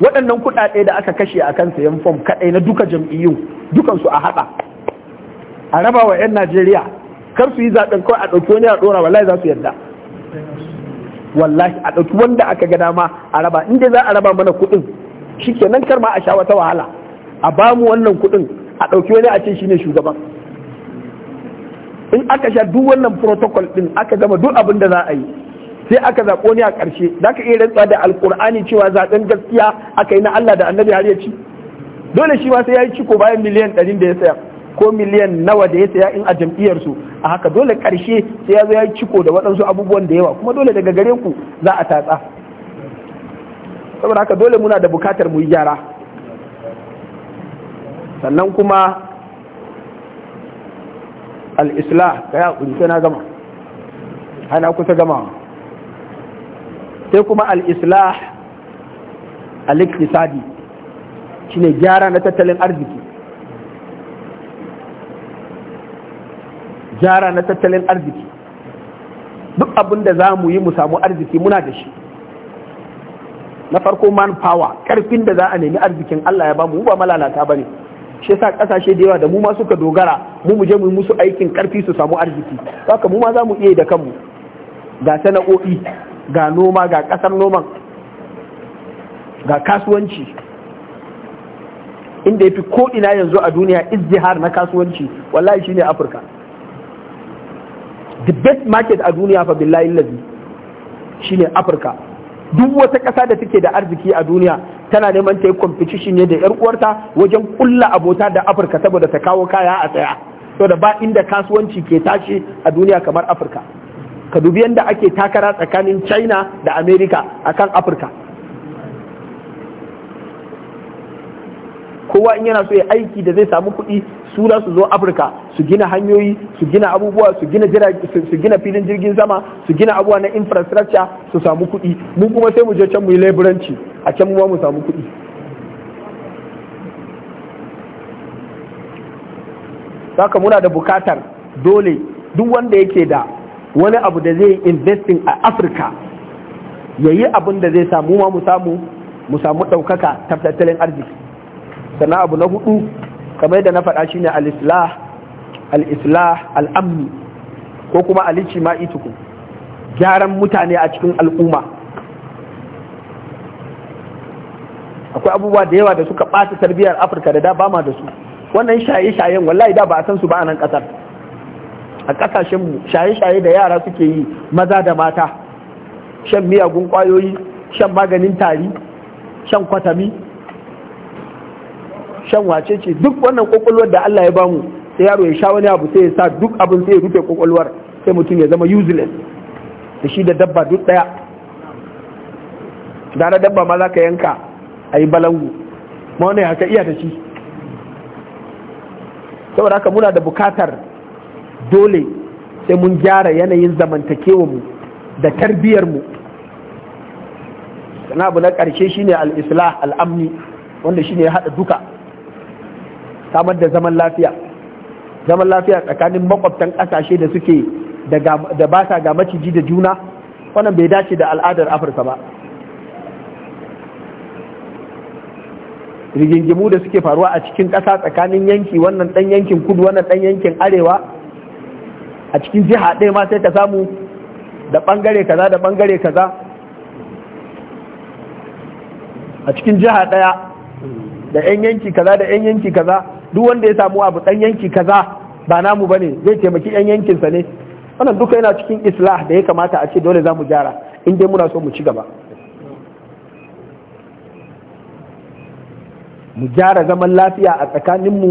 waɗannan kuɗaɗe da aka kashe a kan sayan fom kaɗai na duka jam'iyyun dukansu a haɗa a raba wa 'yan najeriya kar su yi zaɓen kawai a ɗauki wani a ɗora wallahi za su yarda wallahi a ɗauki wanda aka ga dama a raba inda za a raba mana kuɗin shi shikenan kar ma a sha wata wahala a bamu wannan kuɗin a ɗauki wani a ce shine shugaban in aka sha duk wannan protocol din aka gama duk abin da za a yi sai aka zaɓo ni a ƙarshe da ka iya rantsa da alƙur'ani cewa zaɓen gaskiya aka yi na Allah da annabi har ya ci dole shi ma sai ya yi ciko bayan miliyan ɗari da ya saya ko miliyan nawa da ya saya in a jam'iyyarsu a haka dole ƙarshe sai ya zo ya yi ciko da waɗansu abubuwan da yawa kuma dole daga gare ku za a tatsa saboda haka dole muna da bukatar mu yi gyara sannan kuma al-islah ya ƙunshi sai na gama hana kusa gama sai kuma al-islah Sadi iktisadi shine gyara na tattalin arziki gyara na tattalin arziki duk abin da za mu yi mu samu arziki muna da shi na farko man power ƙarfin da za a nemi arzikin Allah ya ba mu ba malalata ne. shi yasa kasashe da yawa da mu ma suka dogara mu mu je mu musu aikin karfi su samu arziki haka mu ma za mu iya da kanmu ga sana'o'i ga noma ga kasar noman ga kasuwanci inda ya fi ko'ina yanzu a duniya izihar na kasuwanci wallahi shine afirka the best market a duniya fa billahi lazi shine afirka duk wata ƙasa da take da arziki a duniya tana neman ta yi competition ne da yar uwarta wajen kulla abota da Afirka saboda ta kawo kaya a tsaya saboda ba inda kasuwanci ke tashi a duniya kamar Afirka ka dubi yadda ake takara tsakanin China da Amerika a kan Afirka kowa in yana so ya aiki da zai samu kuɗi su za su zo afirka su gina hanyoyi su gina abubuwa su gina su gina filin jirgin sama su gina abubuwa na infrastructure su samu kuɗi mu kuma sai mu je can mu yi leburanci a can mu mu samu kuɗi saka muna da bukatar dole duk wanda yake da wani abu da zai investing a afirka ya yi abin da zai samu ma mu samu mu samu ɗaukaka tattalin arziki sannan abu na hudu kamar yadda na faɗa shi ne al-islah al-amni ko kuma alici ijtimai tukun gyaran mutane a cikin al'umma akwai abubuwa da yawa da suka ɓata tarbiyyar afirka da da ba ma da su wannan shaye-shayen wallahi da ba a san su ba a nan ƙasar a ƙasashenmu shaye-shaye da yara suke yi maza da mata shan miyagun ƙwayoyi shan maganin tari shan kwatami shan wace ce duk wannan kwakwalwar da Allah ya bamu sai yaro ya sha wani abu sai ya sa duk abin sai ya rufe kwakwalwar sai mutum ya zama useless da shi da dabba duk daya gara dabba ma za ka yanka a yi balangu ma wani haka iya ta ci saboda haka muna da bukatar dole sai mun gyara yanayin zamantakewarmu da tarbiyyarmu sana abu na karshe shine al-islah al-amni wanda shine ya haɗa duka samar da zaman lafiya zaman lafiya tsakanin makwabtan ƙasashe da suke da ba sa ga maciji da juna wannan bai dace da al'adar afirka ba rigingimu da suke faruwa a cikin ƙasa tsakanin yanki wannan ɗan yankin kudu wannan ɗan yankin arewa a cikin jiha ɗaya ma sai ka samu da ɓangare kaza da ɓangare kaza a cikin jiha ɗaya da 'yan yanki kaza da 'yan yanki kaza duk wanda ya samu abu dan yanki kaza ba namu bane zai taimaki yan yankinsa ne wannan duka yana cikin islah da ya kamata a ce dole za mu gyara in dai muna so mu ci gaba mu gyara zaman lafiya a tsakaninmu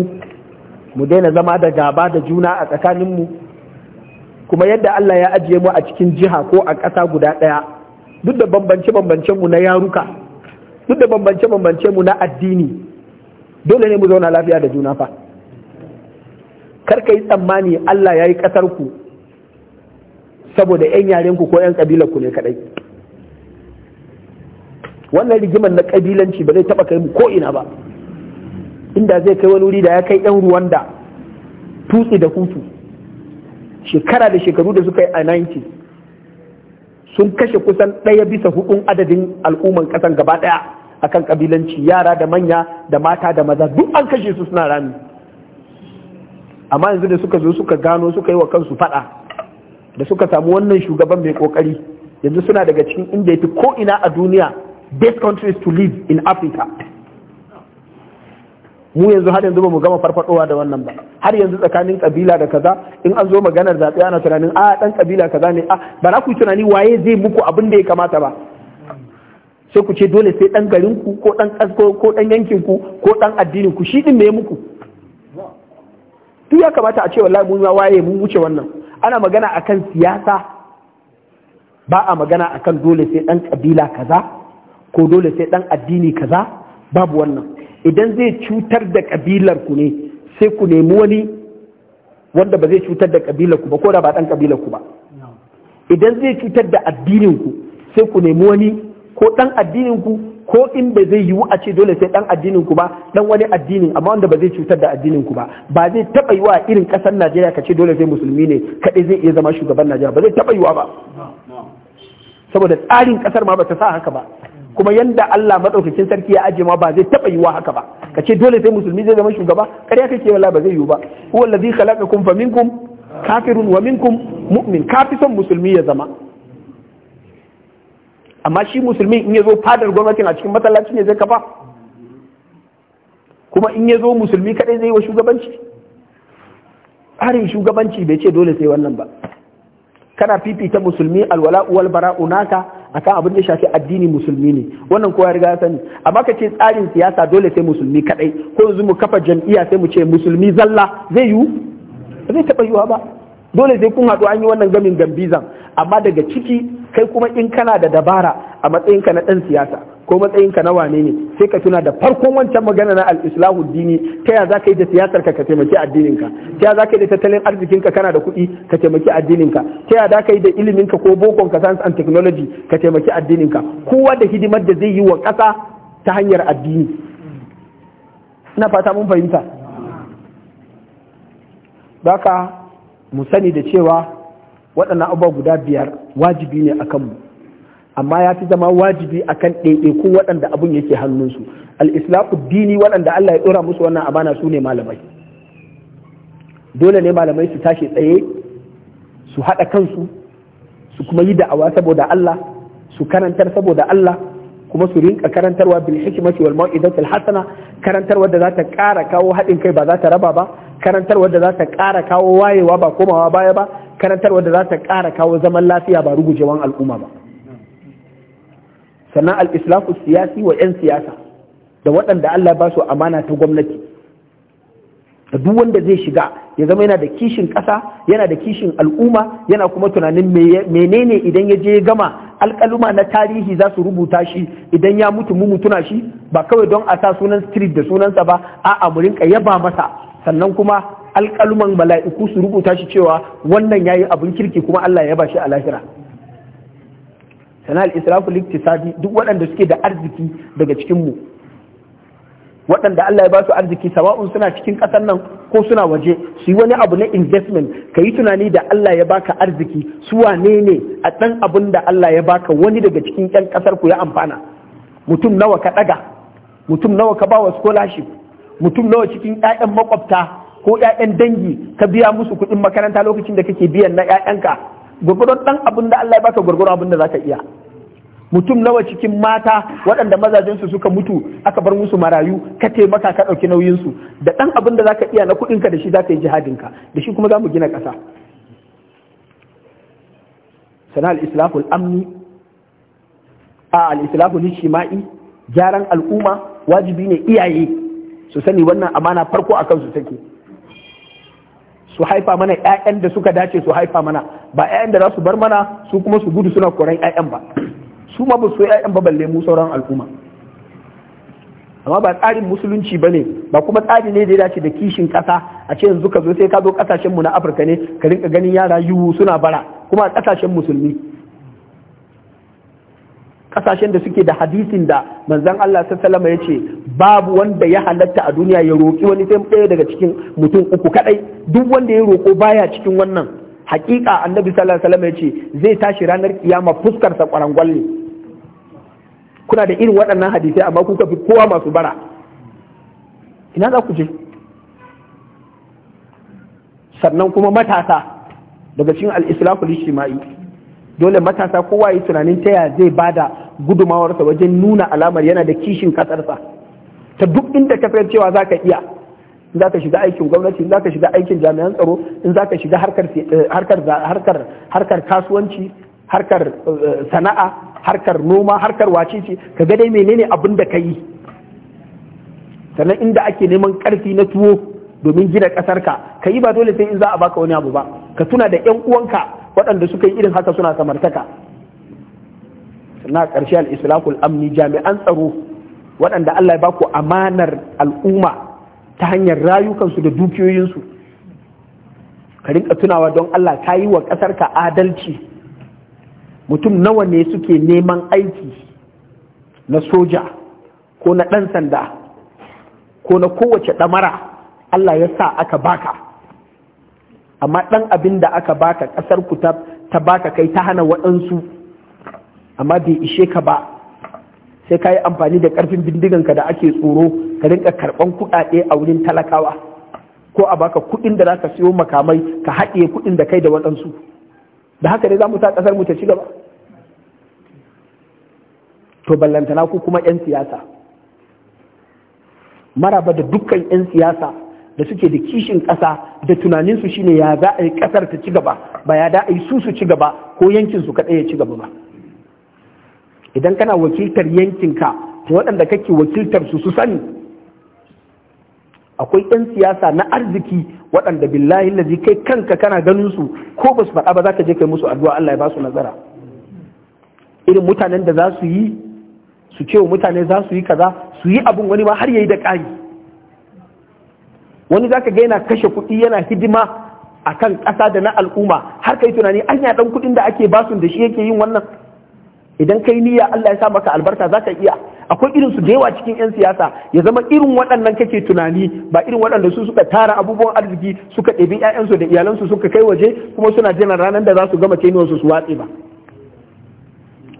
mu daina zama da gaba da juna a tsakaninmu kuma yadda Allah ya ajiye mu a cikin jiha ko a ƙasa guda ɗaya duk da bambance-bambancenmu na yaruka duk da bambance-bambancenmu na addini dole ne mu zauna lafiya da juna fa kar ka yi tsammani Allah ya yi ƙasar ku saboda 'yan yarenku ko 'yan ƙabilanku ku ne kadai wannan rigimar na ƙabilanci ba zai taɓa kai mu ko'ina ba inda zai kai wani wuri da ya kai 'yan da. tutsi da hutu shekara da shekaru da suka yi a 90 sun kashe kusan ɗaya bisa hudun adadin al'umman ƙasan gaba ɗaya akan kabilanci yara da manya da mata da maza duk an kashe su suna rami amma yanzu da suka zo suka gano suka yi wa kansu fada da suka samu wannan shugaban mai kokari yanzu suna daga cikin inda ya fi ko ina a duniya best countries to live in africa mu yanzu har yanzu ba mu gama farfadowa da wannan ba har yanzu tsakanin kabila da kaza in an zo maganar zaɓe ana tunanin a ah, dan kabila kaza ne a ah, ba za ku tunani waye zai muku abin da ya kamata ba sai ku ce dole sai ɗan garinku ko ɗan ƙasko ko ɗan yankinku ko ɗan addinin ku shi ɗin me muku duk ya kamata a ce wallahi mun waye mun wuce wannan ana magana akan siyasa ba a magana akan dole sai ɗan ƙabila kaza ko dole sai ɗan addini kaza babu wannan idan zai cutar da ƙabilar ku ne sai ku nemi wani wanda ba zai cutar da ƙabilar ku ba ko da ba ɗan ƙabilar ku ba idan zai cutar da addinin ku sai ku nemi wani ko dan addinin ku ko in ba zai yiwu a ce dole sai dan addinin ku ba dan wani addinin amma wanda ba zai cutar da addinin ku ba ba zai taba yiwa irin kasar Najeriya ka ce dole sai musulmi ne kadai zai iya zama shugaban Najeriya ba zai taba yiwa ba saboda tsarin kasar ma ba ta sa haka ba kuma yanda Allah madaukakin sarki ya aje ma ba zai taba yiwa haka ba ka ce dole sai musulmi zai zama shugaba ƙarya kake wallahi ba zai yiwu ba huwa allazi khalaqakum faminkum kafirun wa minkum mu'min son musulmi ya zama amma shi musulmi in ya zo fadar gwamnati a cikin masallaci ne zai kafa kuma in ya zo musulmi kadai zai wa shugabanci tsarin shugabanci bai ce dole sai wannan ba kana fifita musulmi alwala uwal bara'u naka akan abin da shafi addini musulmi ne wannan kowa riga ya sani amma ka tsarin siyasa dole sai musulmi kadai ko yanzu mu kafa jam'iyya sai mu ce musulmi zalla zai Ba zai taba yiwa ba dole sai kun haɗu an yi wannan gamin gambizan amma daga ciki kai kuma in kana da dabara a matsayinka na ɗan siyasa ko matsayinka na wane ne sai ka tuna da farkon wancan magana na al dini ta ya za ka yi da siyasar ka ka taimaki addininka ta ya za ka yi da tattalin arzikinka kana da kuɗi ka taimaki ka ta ya za ka yi da iliminka ko bokon ka science and technology ka taimaki addinin ka kowa da hidimar da zai yi wa ƙasa ta hanyar addini ina fata mun fahimta Baka mu sani da cewa waɗannan abubuwa guda biyar wajibi ne a kanmu amma ya fi zama wajibi a kan ɗaiɗaikun waɗanda abun yake hannunsu al dini waɗanda Allah ya ɗora musu wannan amana su ne malamai dole ne malamai su tashi tsaye su haɗa kansu su kuma yi da'awa saboda Allah su karantar saboda Allah kuma su rinka karantarwa bil hikmati wal mau'izatil hasana karantarwa da za ta ƙara kawo haɗin kai ba za ta raba ba Karantar wadda za ta ƙara kawo wayewa ba komawa baya ba karantar wadda za ta ƙara kawo zaman lafiya ba rugujewan al'umma ba sannan al'islafu siyasi wa 'yan siyasa da waɗanda Allah ba su amana ta gwamnati da duk wanda zai shiga ya zama yana da kishin ƙasa yana da kishin al'umma yana kuma tunanin menene idan ya je gama alƙaluma na tarihi za su rubuta shi idan ya mutu mu mutuna shi ba kawai don a sa sunan street da sunansa ba a'a mu rinka yaba masa sannan kuma alƙaluman mala'iku su rubuta shi cewa wannan yayi abin kirki kuma Allah ya bashi a lahira sana israfu liktisadi duk waɗanda suke da arziki daga cikin mu waɗanda Allah ya basu arziki sawa'un suna cikin ƙasar nan ko suna waje su yi wani abu na investment ka yi tunani da Allah ya baka arziki su wane ne a ɗan abin da Allah ya baka wani daga cikin ƴan ƙasar ku ya amfana mutum nawa ka ɗaga mutum nawa ka ba wa scholarship mutum nawa cikin ƴaƴan makwabta ko ƴaƴan dangi ka biya musu kuɗin makaranta lokacin da kake biyan na ƴaƴanka gurgurdon ɗan abin da Allah ya baka gurgurdon abin da zaka iya mutum nawa cikin mata waɗanda mazajensu suka mutu aka bar musu marayu ka taimaka ka ɗauki nauyinsu da ɗan abin da zaka iya na kuɗinka da shi zaka yi jihadinka da shi kuma za mu gina ƙasa sana al-islahul amni a al-islahul gyaran al'umma wajibi ne iyaye su sani wannan amana farko a kansu take su haifa mana ƴaƴan da suka dace su haifa mana ba ƴaƴan da za su bar mana su kuma su gudu suna koran ƴaƴan ba su ma ba su ƴaƴan ba balle mu sauran al'umma amma ba tsarin musulunci ba ne ba kuma tsari ne da ya dace da kishin ƙasa a ce yanzu ka zo sai ka zo kasashen mu na afirka ne ka rinka ganin yara yiwu suna bara kuma a ƙasashen musulmi kasashen da suke da hadisin da manzan Allah sallama ya ce babu wanda ya halatta a duniya ya roƙi wani sai ɗaya daga cikin mutum uku Kaɗai duk wanda ya roƙo baya cikin wannan Haƙiƙa annabi sallallahu alaihi ya ce zai tashi ranar kiyama fuskar sa kwarangwalle kuna da irin waɗannan hadisai amma kuka fi kowa masu bara ina za ku je sannan kuma matasa daga cikin al lishima'i dole matasa kowa yi tunanin taya zai bada gudumawarsa wajen nuna alamar yana da kishin kasarsa ta duk inda ka fayar cewa za ka iya in za ka shiga aikin gwamnati in za ka shiga aikin jami'an tsaro in za ka shiga harkar eh, kasuwanci harkar eh, sana'a harkar noma harkar wacece ka ga dai menene abin da ka yi sannan inda ake neman karfi na tuwo domin gina ƙasarka ka yi ba dole sai in za a baka wani abu ba ka tuna da 'yan uwanka waɗanda suka yi irin haka suna samartaka na ƙarshe al-islahul amni jami'an tsaro waɗanda Allah ya baku amanar al'umma ta hanyar rayukansu da dukiyoyinsu ka rinka tunawa don Allah ka yi wa ƙasarka adalci mutum nawa ne suke neman aiki na soja ko na ɗan sanda ko na kowace ɗamara Allah ya sa aka baka amma ɗan abin da aka baka ƙasarku ta baka kai ta hana waɗansu amma bai ishe ka ba sai ka yi amfani da karfin bindiganka da ake tsoro ka rinka karban kuɗaɗe a wurin talakawa ko a baka kuɗin da za ka siyo makamai ka haɗe kuɗin da kai da waɗansu da haka ne za mu sa ƙasar mu ta ci gaba to ballantana ku kuma 'yan siyasa maraba da dukkan 'yan siyasa da suke da kishin ƙasa da tunaninsu shine ya za a yi ƙasar ta ci gaba ba ya da a yi su su ci gaba ko yankin su kaɗai ya ci gaba ba idan kana wakiltar yankinka to waɗanda kake wakiltar su su sani akwai 'yan siyasa na arziki waɗanda billahi lazi kai kanka kana ganin su ko ba su faɗa ba za ka je kai musu addu'a Allah ya ba su nazara irin mutanen da za su yi su ce wa mutane za su yi kaza su yi abin wani ma har yayi da ƙari wani za ka ga yana kashe kuɗi yana hidima akan ƙasa da na al'umma har kai tunani an ya ɗan kuɗin da ake basun da shi yake yin wannan idan kai niyya Allah ya sa maka albarka zaka iya akwai irin su da yawa cikin yan siyasa ya zama irin waɗannan kake tunani ba irin waɗanda su suka tara abubuwan arziki suka ɗebi ƴaƴansu da iyalansu suka kai waje kuma suna jiran ranar da za su gama kenuwarsu su watse ba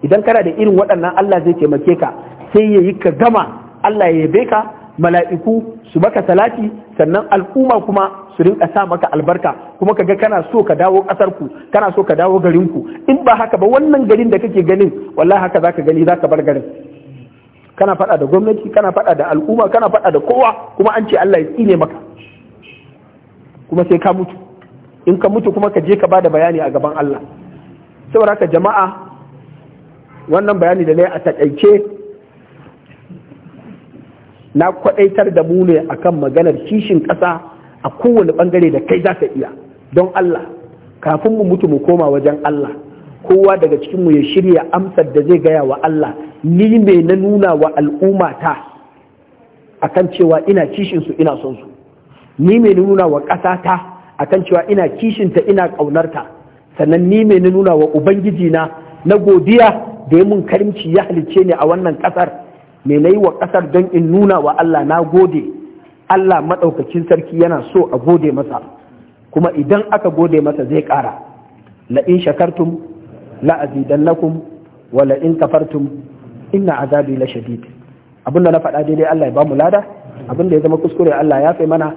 idan kana da irin waɗannan Allah zai taimake ka sai ya yi ka gama Allah ya yabe ka mala'iku su baka salati sannan al'umma kuma su rinka sa maka albarka kuma ka ga kana so ka dawo ƙasarku ku kana so ka dawo garinku in ba haka ba wannan garin da kake ganin wallahi haka zaka gani zaka bar garin kana faɗa da gwamnati kana faɗa da al'umma kana faɗa da kowa kuma an ce Allah ya tsine maka kuma sai ka mutu in ka mutu kuma ka je ka bada bayani a gaban Allah saboda haka jama'a wannan bayani da nayi a takaice na kwadaitar da mu ne akan maganar kishin ƙasa a kowane ɓangare da kai za ka iya don Allah kafin mu mutu mu koma wajen Allah kowa daga cikin mu ya shirya amsar da zai gaya wa Allah ni me na nuna wa al'umma ta akan cewa ina kishin su ina son su ni me na nuna wa ƙasa ta akan cewa ina kishin ta ina ƙaunarta sannan ni me na nuna wa ubangiji na na godiya da ya mun karimci ya halicce ni a wannan ƙasar me na yi wa ƙasar don in nuna wa Allah na gode Allah maɗaukacin sarki yana so a gode masa kuma idan aka gode masa zai ƙara la in shakartum la azidannakum wa la in kafartum inna azabi la shadid abin da na faɗa daidai Allah ya ba mu lada abin da ya zama kuskure Allah ya fai mana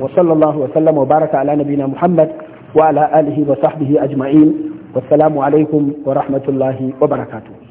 wa sallallahu wa sallam wa baraka ala nabina Muhammad wa ala alihi wa sahbihi ajma'in wassalamu alaikum wa rahmatullahi wa barakatuh